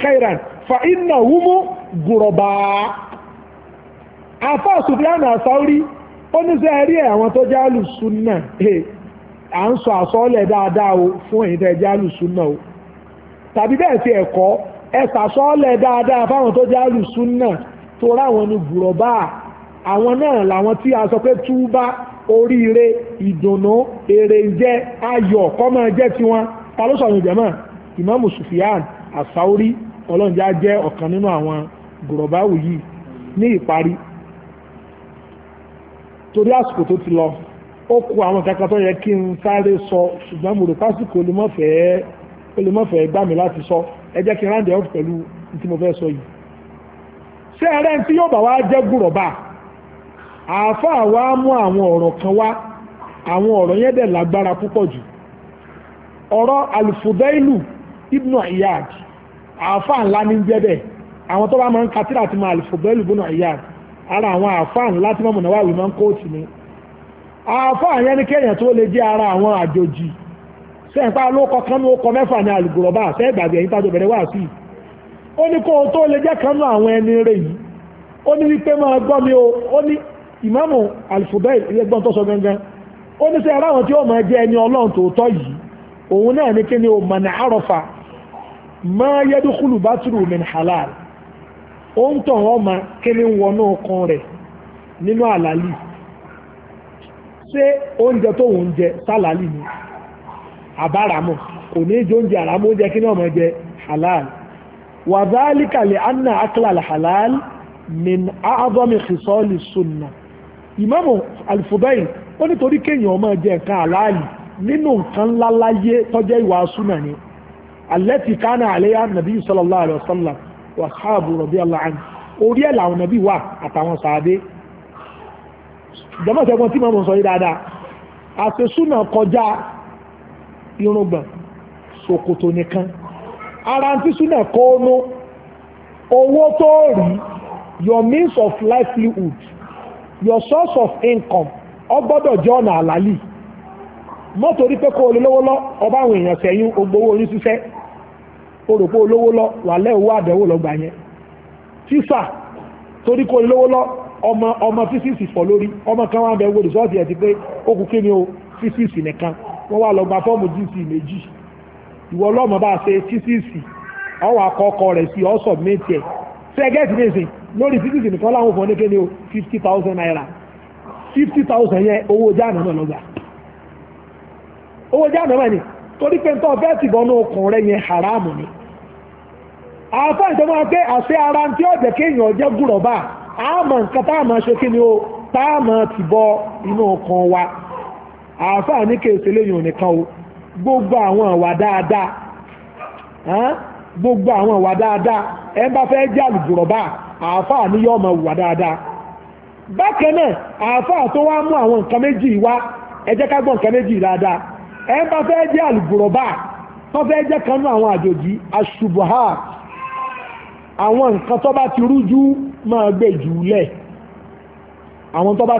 Speaker 1: fa iná wúmú gùrọ̀bà àáfàá Sufyan àsáórí ó ní sẹ́ rí àwọn tó jẹ́ alùsúnà à ń sọ àsọ́ọ́lẹ̀ dáadáa o fún ẹ̀yin tá a jẹ́ alùsúnà o tàbí bẹ́ẹ̀ ti ẹ̀kọ́ ẹ sàsọ́ọ́lẹ̀ dáadáa fáwọn tó jẹ́ alùsúnà tó ráwọn ní gùrọ̀bà àwọn náà làwọn tí a sọ pé túbá oríire ìdùnnú èrè jẹ ayọ̀ kọ́mọ jẹ́ tiwọn ta ló sọ̀rọ̀ jẹ́mọ̀ ìmáàmù Sufyan Asauri ọlọ́njá jẹ́ ọ̀kan nínú àwọn gùrọ̀báwù yìí ní ìparí torí àsìkò tó ti lọ ó kù àwọn kankan tó yẹ kí n sáré sọ ṣùgbọ́n mo rò pásìkò ó lè mọ̀fẹ́ gbà mí láti sọ ẹ jẹ́ kí n ráǹdẹ̀ ọ̀f pẹ̀lú tí mo fẹ́ sọ yìí ṣé ẹrẹ́ tí yóò bá wá jẹ́ gùrọ̀bá àáfàá wa mú àwọn ọ̀rọ̀ kan wá àwọn ọ̀rọ̀ yẹn dẹ̀ lágbára púpọ̀ jù ọ̀rọ̀ alfudailu ibn iyad àáfàá ńlá ní jẹ́bẹ̀ àwọn tó bá máa ń ka ti ibn ara àwọn àáfàá ńlá tí mọ̀mọ́ náwó máa ń kóòtù ni àáfàá yẹn ní kéèyàn tó lè jẹ́ ara àwọn àjòjì sẹ́ǹpá ló kọ kánú ọkọ̀ mẹ́fà ní ẹ̀yìn bẹ̀rẹ̀ sí ó ní kó tó lè jẹ́ àwọn mi ìmáàmù Al-Fudail ẹgbọ́n tó sọ gangan ó ní sẹ́ aráwọn tí ó máa jẹ́ ẹni ọlọ́run tòótọ́ yìí òun náà ní kíni o mọ̀nà àrọ̀fà máa yẹ́dúkúlù bá tùrù min halal ó ń tàn wọ́n ma kíni wọnú ọkàn rẹ̀ nínú àlàlì ṣé oúnjẹ tó ń jẹ sálàlì ni àbáràmù kò ní jẹ oúnjẹ àràmù oúnjẹ kíni ọmọ jẹ halal wàzálìkàlẹ̀ anna akla halal min aadọ́mi kìsọ́ọ̀lì sunna ìmáàmù Al-Fudail ó nítorí kéèyàn máa jẹ nǹkan àláàlì nínú nǹkan ńlá láyé tọ́jẹ́ ìwà súnà ni alẹ́tì kánà àléyà nàbí sallallahu alaihi wasallam wà káàbù radiyallahu anhu orí ẹ̀ làwọn nàbí wà àtàwọn sàádé jọmọ́ sẹ́gun tí màmú sọ yìí dáadáa àti súnà kọjá irùngbọ̀n ṣòkòtò nìkan ara ti súnà kọ́ọ́nú owó tó rí your means of livelihood your source of income ọ gbọ́dọ̀ jẹ́ ọ̀nà àlàlì mọ́tò rí pé kó o lè lówó lọ ọba àwọn èèyàn ogbowó o rò pé owó lọ́gbà yẹn torí ọmọ ọmọ físíìsì fọ ọmọ kan wà rìsọ́ọ̀tì ẹ̀ ti pé ó kú kí ni o nìkan wọ́n fọ́ọ̀mù jíìsì méjì ìwọ ọlọ́mọ bá ṣe rẹ̀ sí tẹ́gẹ́tì ní ìsìn lórí fífíìsì nìkan láwọn fún oníkẹ́ ní o fifty thousand naira fifty thousand yẹn owó jáàmù náà lọ́gbà owó jáàmù náà ni torí pé nǹkan ọ̀fẹ́ tìbọn náà kàn rẹ yẹn haramu ni àfa ìjọba wọn pé àṣẹ ara tí ó kéèyàn jẹ́ gùrọ̀bà àmọ́ nǹkan tá a máa ṣe kí ni o tá a máa tìbọ inú ọkàn wa àfa ní kéèsì lẹ́yìn òníkan o gbogbo àwọn àwà dáadáa gbogbo àwọn ìwà dáadáa ẹ bá fẹ́ jẹ́ àlùbùrọ̀bá àáfàá ọmọ ìwà dáadáa bákan náà tó wá mú àwọn nǹkan méjì wá ẹ jẹ́ ká nǹkan méjì dáadáa ẹ bá fẹ́ jẹ́ àlùbùrọ̀bá tó fẹ́ jẹ́ kanú àwọn àjòjì àṣùbọ̀há ti rújú máa gbé jù lẹ̀ àwọn tó bá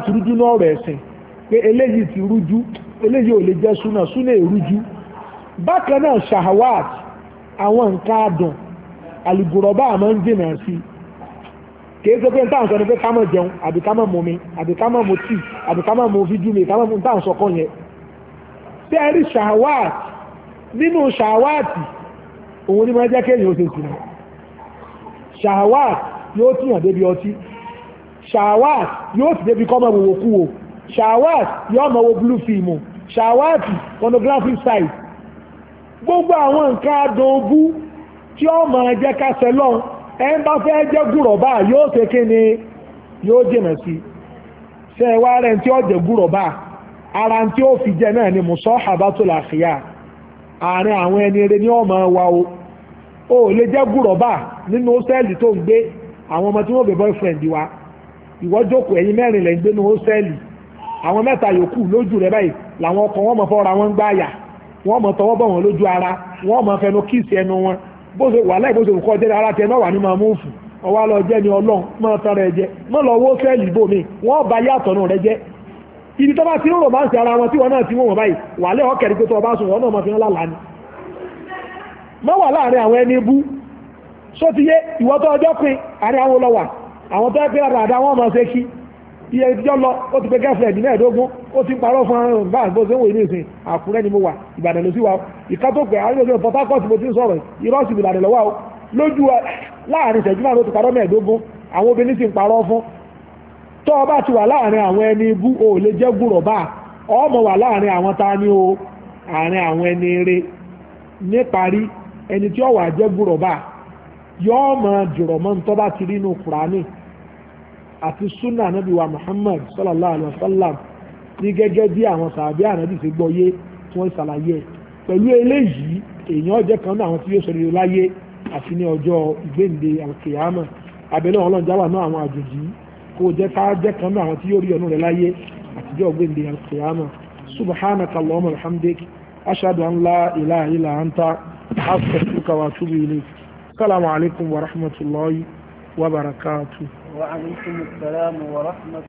Speaker 1: àwọn nǹkan àdùn àlùbùrọ̀bá àmọ́ ń jìnà sí i kì í ṣe pé nǹkan àǹsọ̀ ni pé ká má jẹun àbí ká má mu mi àbí ká má mu tíì àbí ká má mu fídíò mi ká má mu nǹkan àǹsọ̀ kan yẹn tí ẹ rí ṣàwáàtì nínú ṣàwáàtì òun ni máa jẹ́ kéèyàn ó ṣe sùn ṣàwáàtì yóò tìyàn débi ọtí ṣàwáàtì yóò sì débi kọ́mọ wòwòkúwò ṣàwáàtì yóò mọ wo blue film ṣàwáàtì pornographic site gbogbo àwọn nǹkan adùn ogú tí ó máa jẹ́ kásẹ̀ lọ́n ẹ ń bá fẹ́ jẹ́ gùrọ̀bà yóò ṣe ni yóò jìnà sí ṣe é wá rẹ̀ tí ó jẹ́ gùrọ̀bà ara tí ó fi jẹ náà ni musọ́ àbátòlà àfíà àárín àwọn ẹni eré ní ọmọ wa o ò lè jẹ́ gùrọ̀bà nínú hósẹ́ẹ̀lì tó ń gbé àwọn ọmọ tí wọ́n bẹ̀ boyfriend wa ìwọ jókòó mẹ́rin lẹ́ ń gbé àwọn mẹ́ta yòókù lójú rẹ báyìí làwọn ọkọ̀ wọn mọ̀ fọ́ra wọn ń gbáyà wọ́n mọ̀ tọwọ́ bọ̀ wọ́n lójú ara wọ́n mọ̀ fẹnu kíìsì ẹnu wọn bó ṣe wà láì bó ṣe kọ́ jẹ́ ara tẹ náà wà ní máa múùfù ọwọ́ lọ jẹ́ ni ọlọ́run máa tán rẹ̀ jẹ mọ́ lọ wó fẹ́ lìbò mi wọ́n bá yá àtọ̀nù rẹ̀ jẹ́ ibi tó bá ti rò bá ń ṣe ara wọn tí wọn náà ti wọ́n báyìí wà lẹ́ ọ̀kẹ́rì pé tó ọba sùn wọn náà iye ìjọ lọ ó ti pé gẹ́fẹ̀ ẹ̀dín mẹ́ẹ̀ẹ́dógún ó ti ń parọ́ fún ọrùn bá àgbò ṣe ń wò ní ìsìn àkúrẹ́ ni mo wà ìbàdàn ló sí wa ìka tó pè àríwájú Port Harcourt mo ti ń sọ̀rọ̀ irọ́ sì ìbàdàn lọ́wọ́ o lójú eh, láàrin ìṣẹ́jú náà ló ti parọ́ mẹ́ẹ̀ẹ́dógún àwọn obìnrin sì ń parọ́ fún tó o bá ti wà láàrin àwọn ẹni ibú o lè jẹ́ gbùrọ̀ bá ọmọ wà láàrin àwọn ta ni o àárín àwọn ẹni eré níparí ẹni tí ó wà jẹ́ gbùrọ̀ bá yọ ọmọ jùrọ̀ mọ́ ní tó bá ti rí inú Kùránì àti súnà ànábì wa muhammad sallallahu alayhi wa sallam ní gẹ́gẹ́ bí àwọn sàbí ànábì ṣe gbọ́ yé tí wọ́n ṣàlàyé pẹ̀lú eléyìí èèyàn jẹ́ kan náà àwọn tí yóò sọ̀rọ̀ láyé àti ní ọjọ́ ìgbéǹde alkiyama abẹ́lẹ́ ọlọ́run jáwà náà àwọn àjòjì kó jẹ́ ká jẹ́ kan náà àwọn tí yóò rí ọ̀nà rẹ̀ láyé àtijọ́ ìgbéǹde alkiyama subhanaka wa atubu wa barakatuh وعليكم السلام ورحمة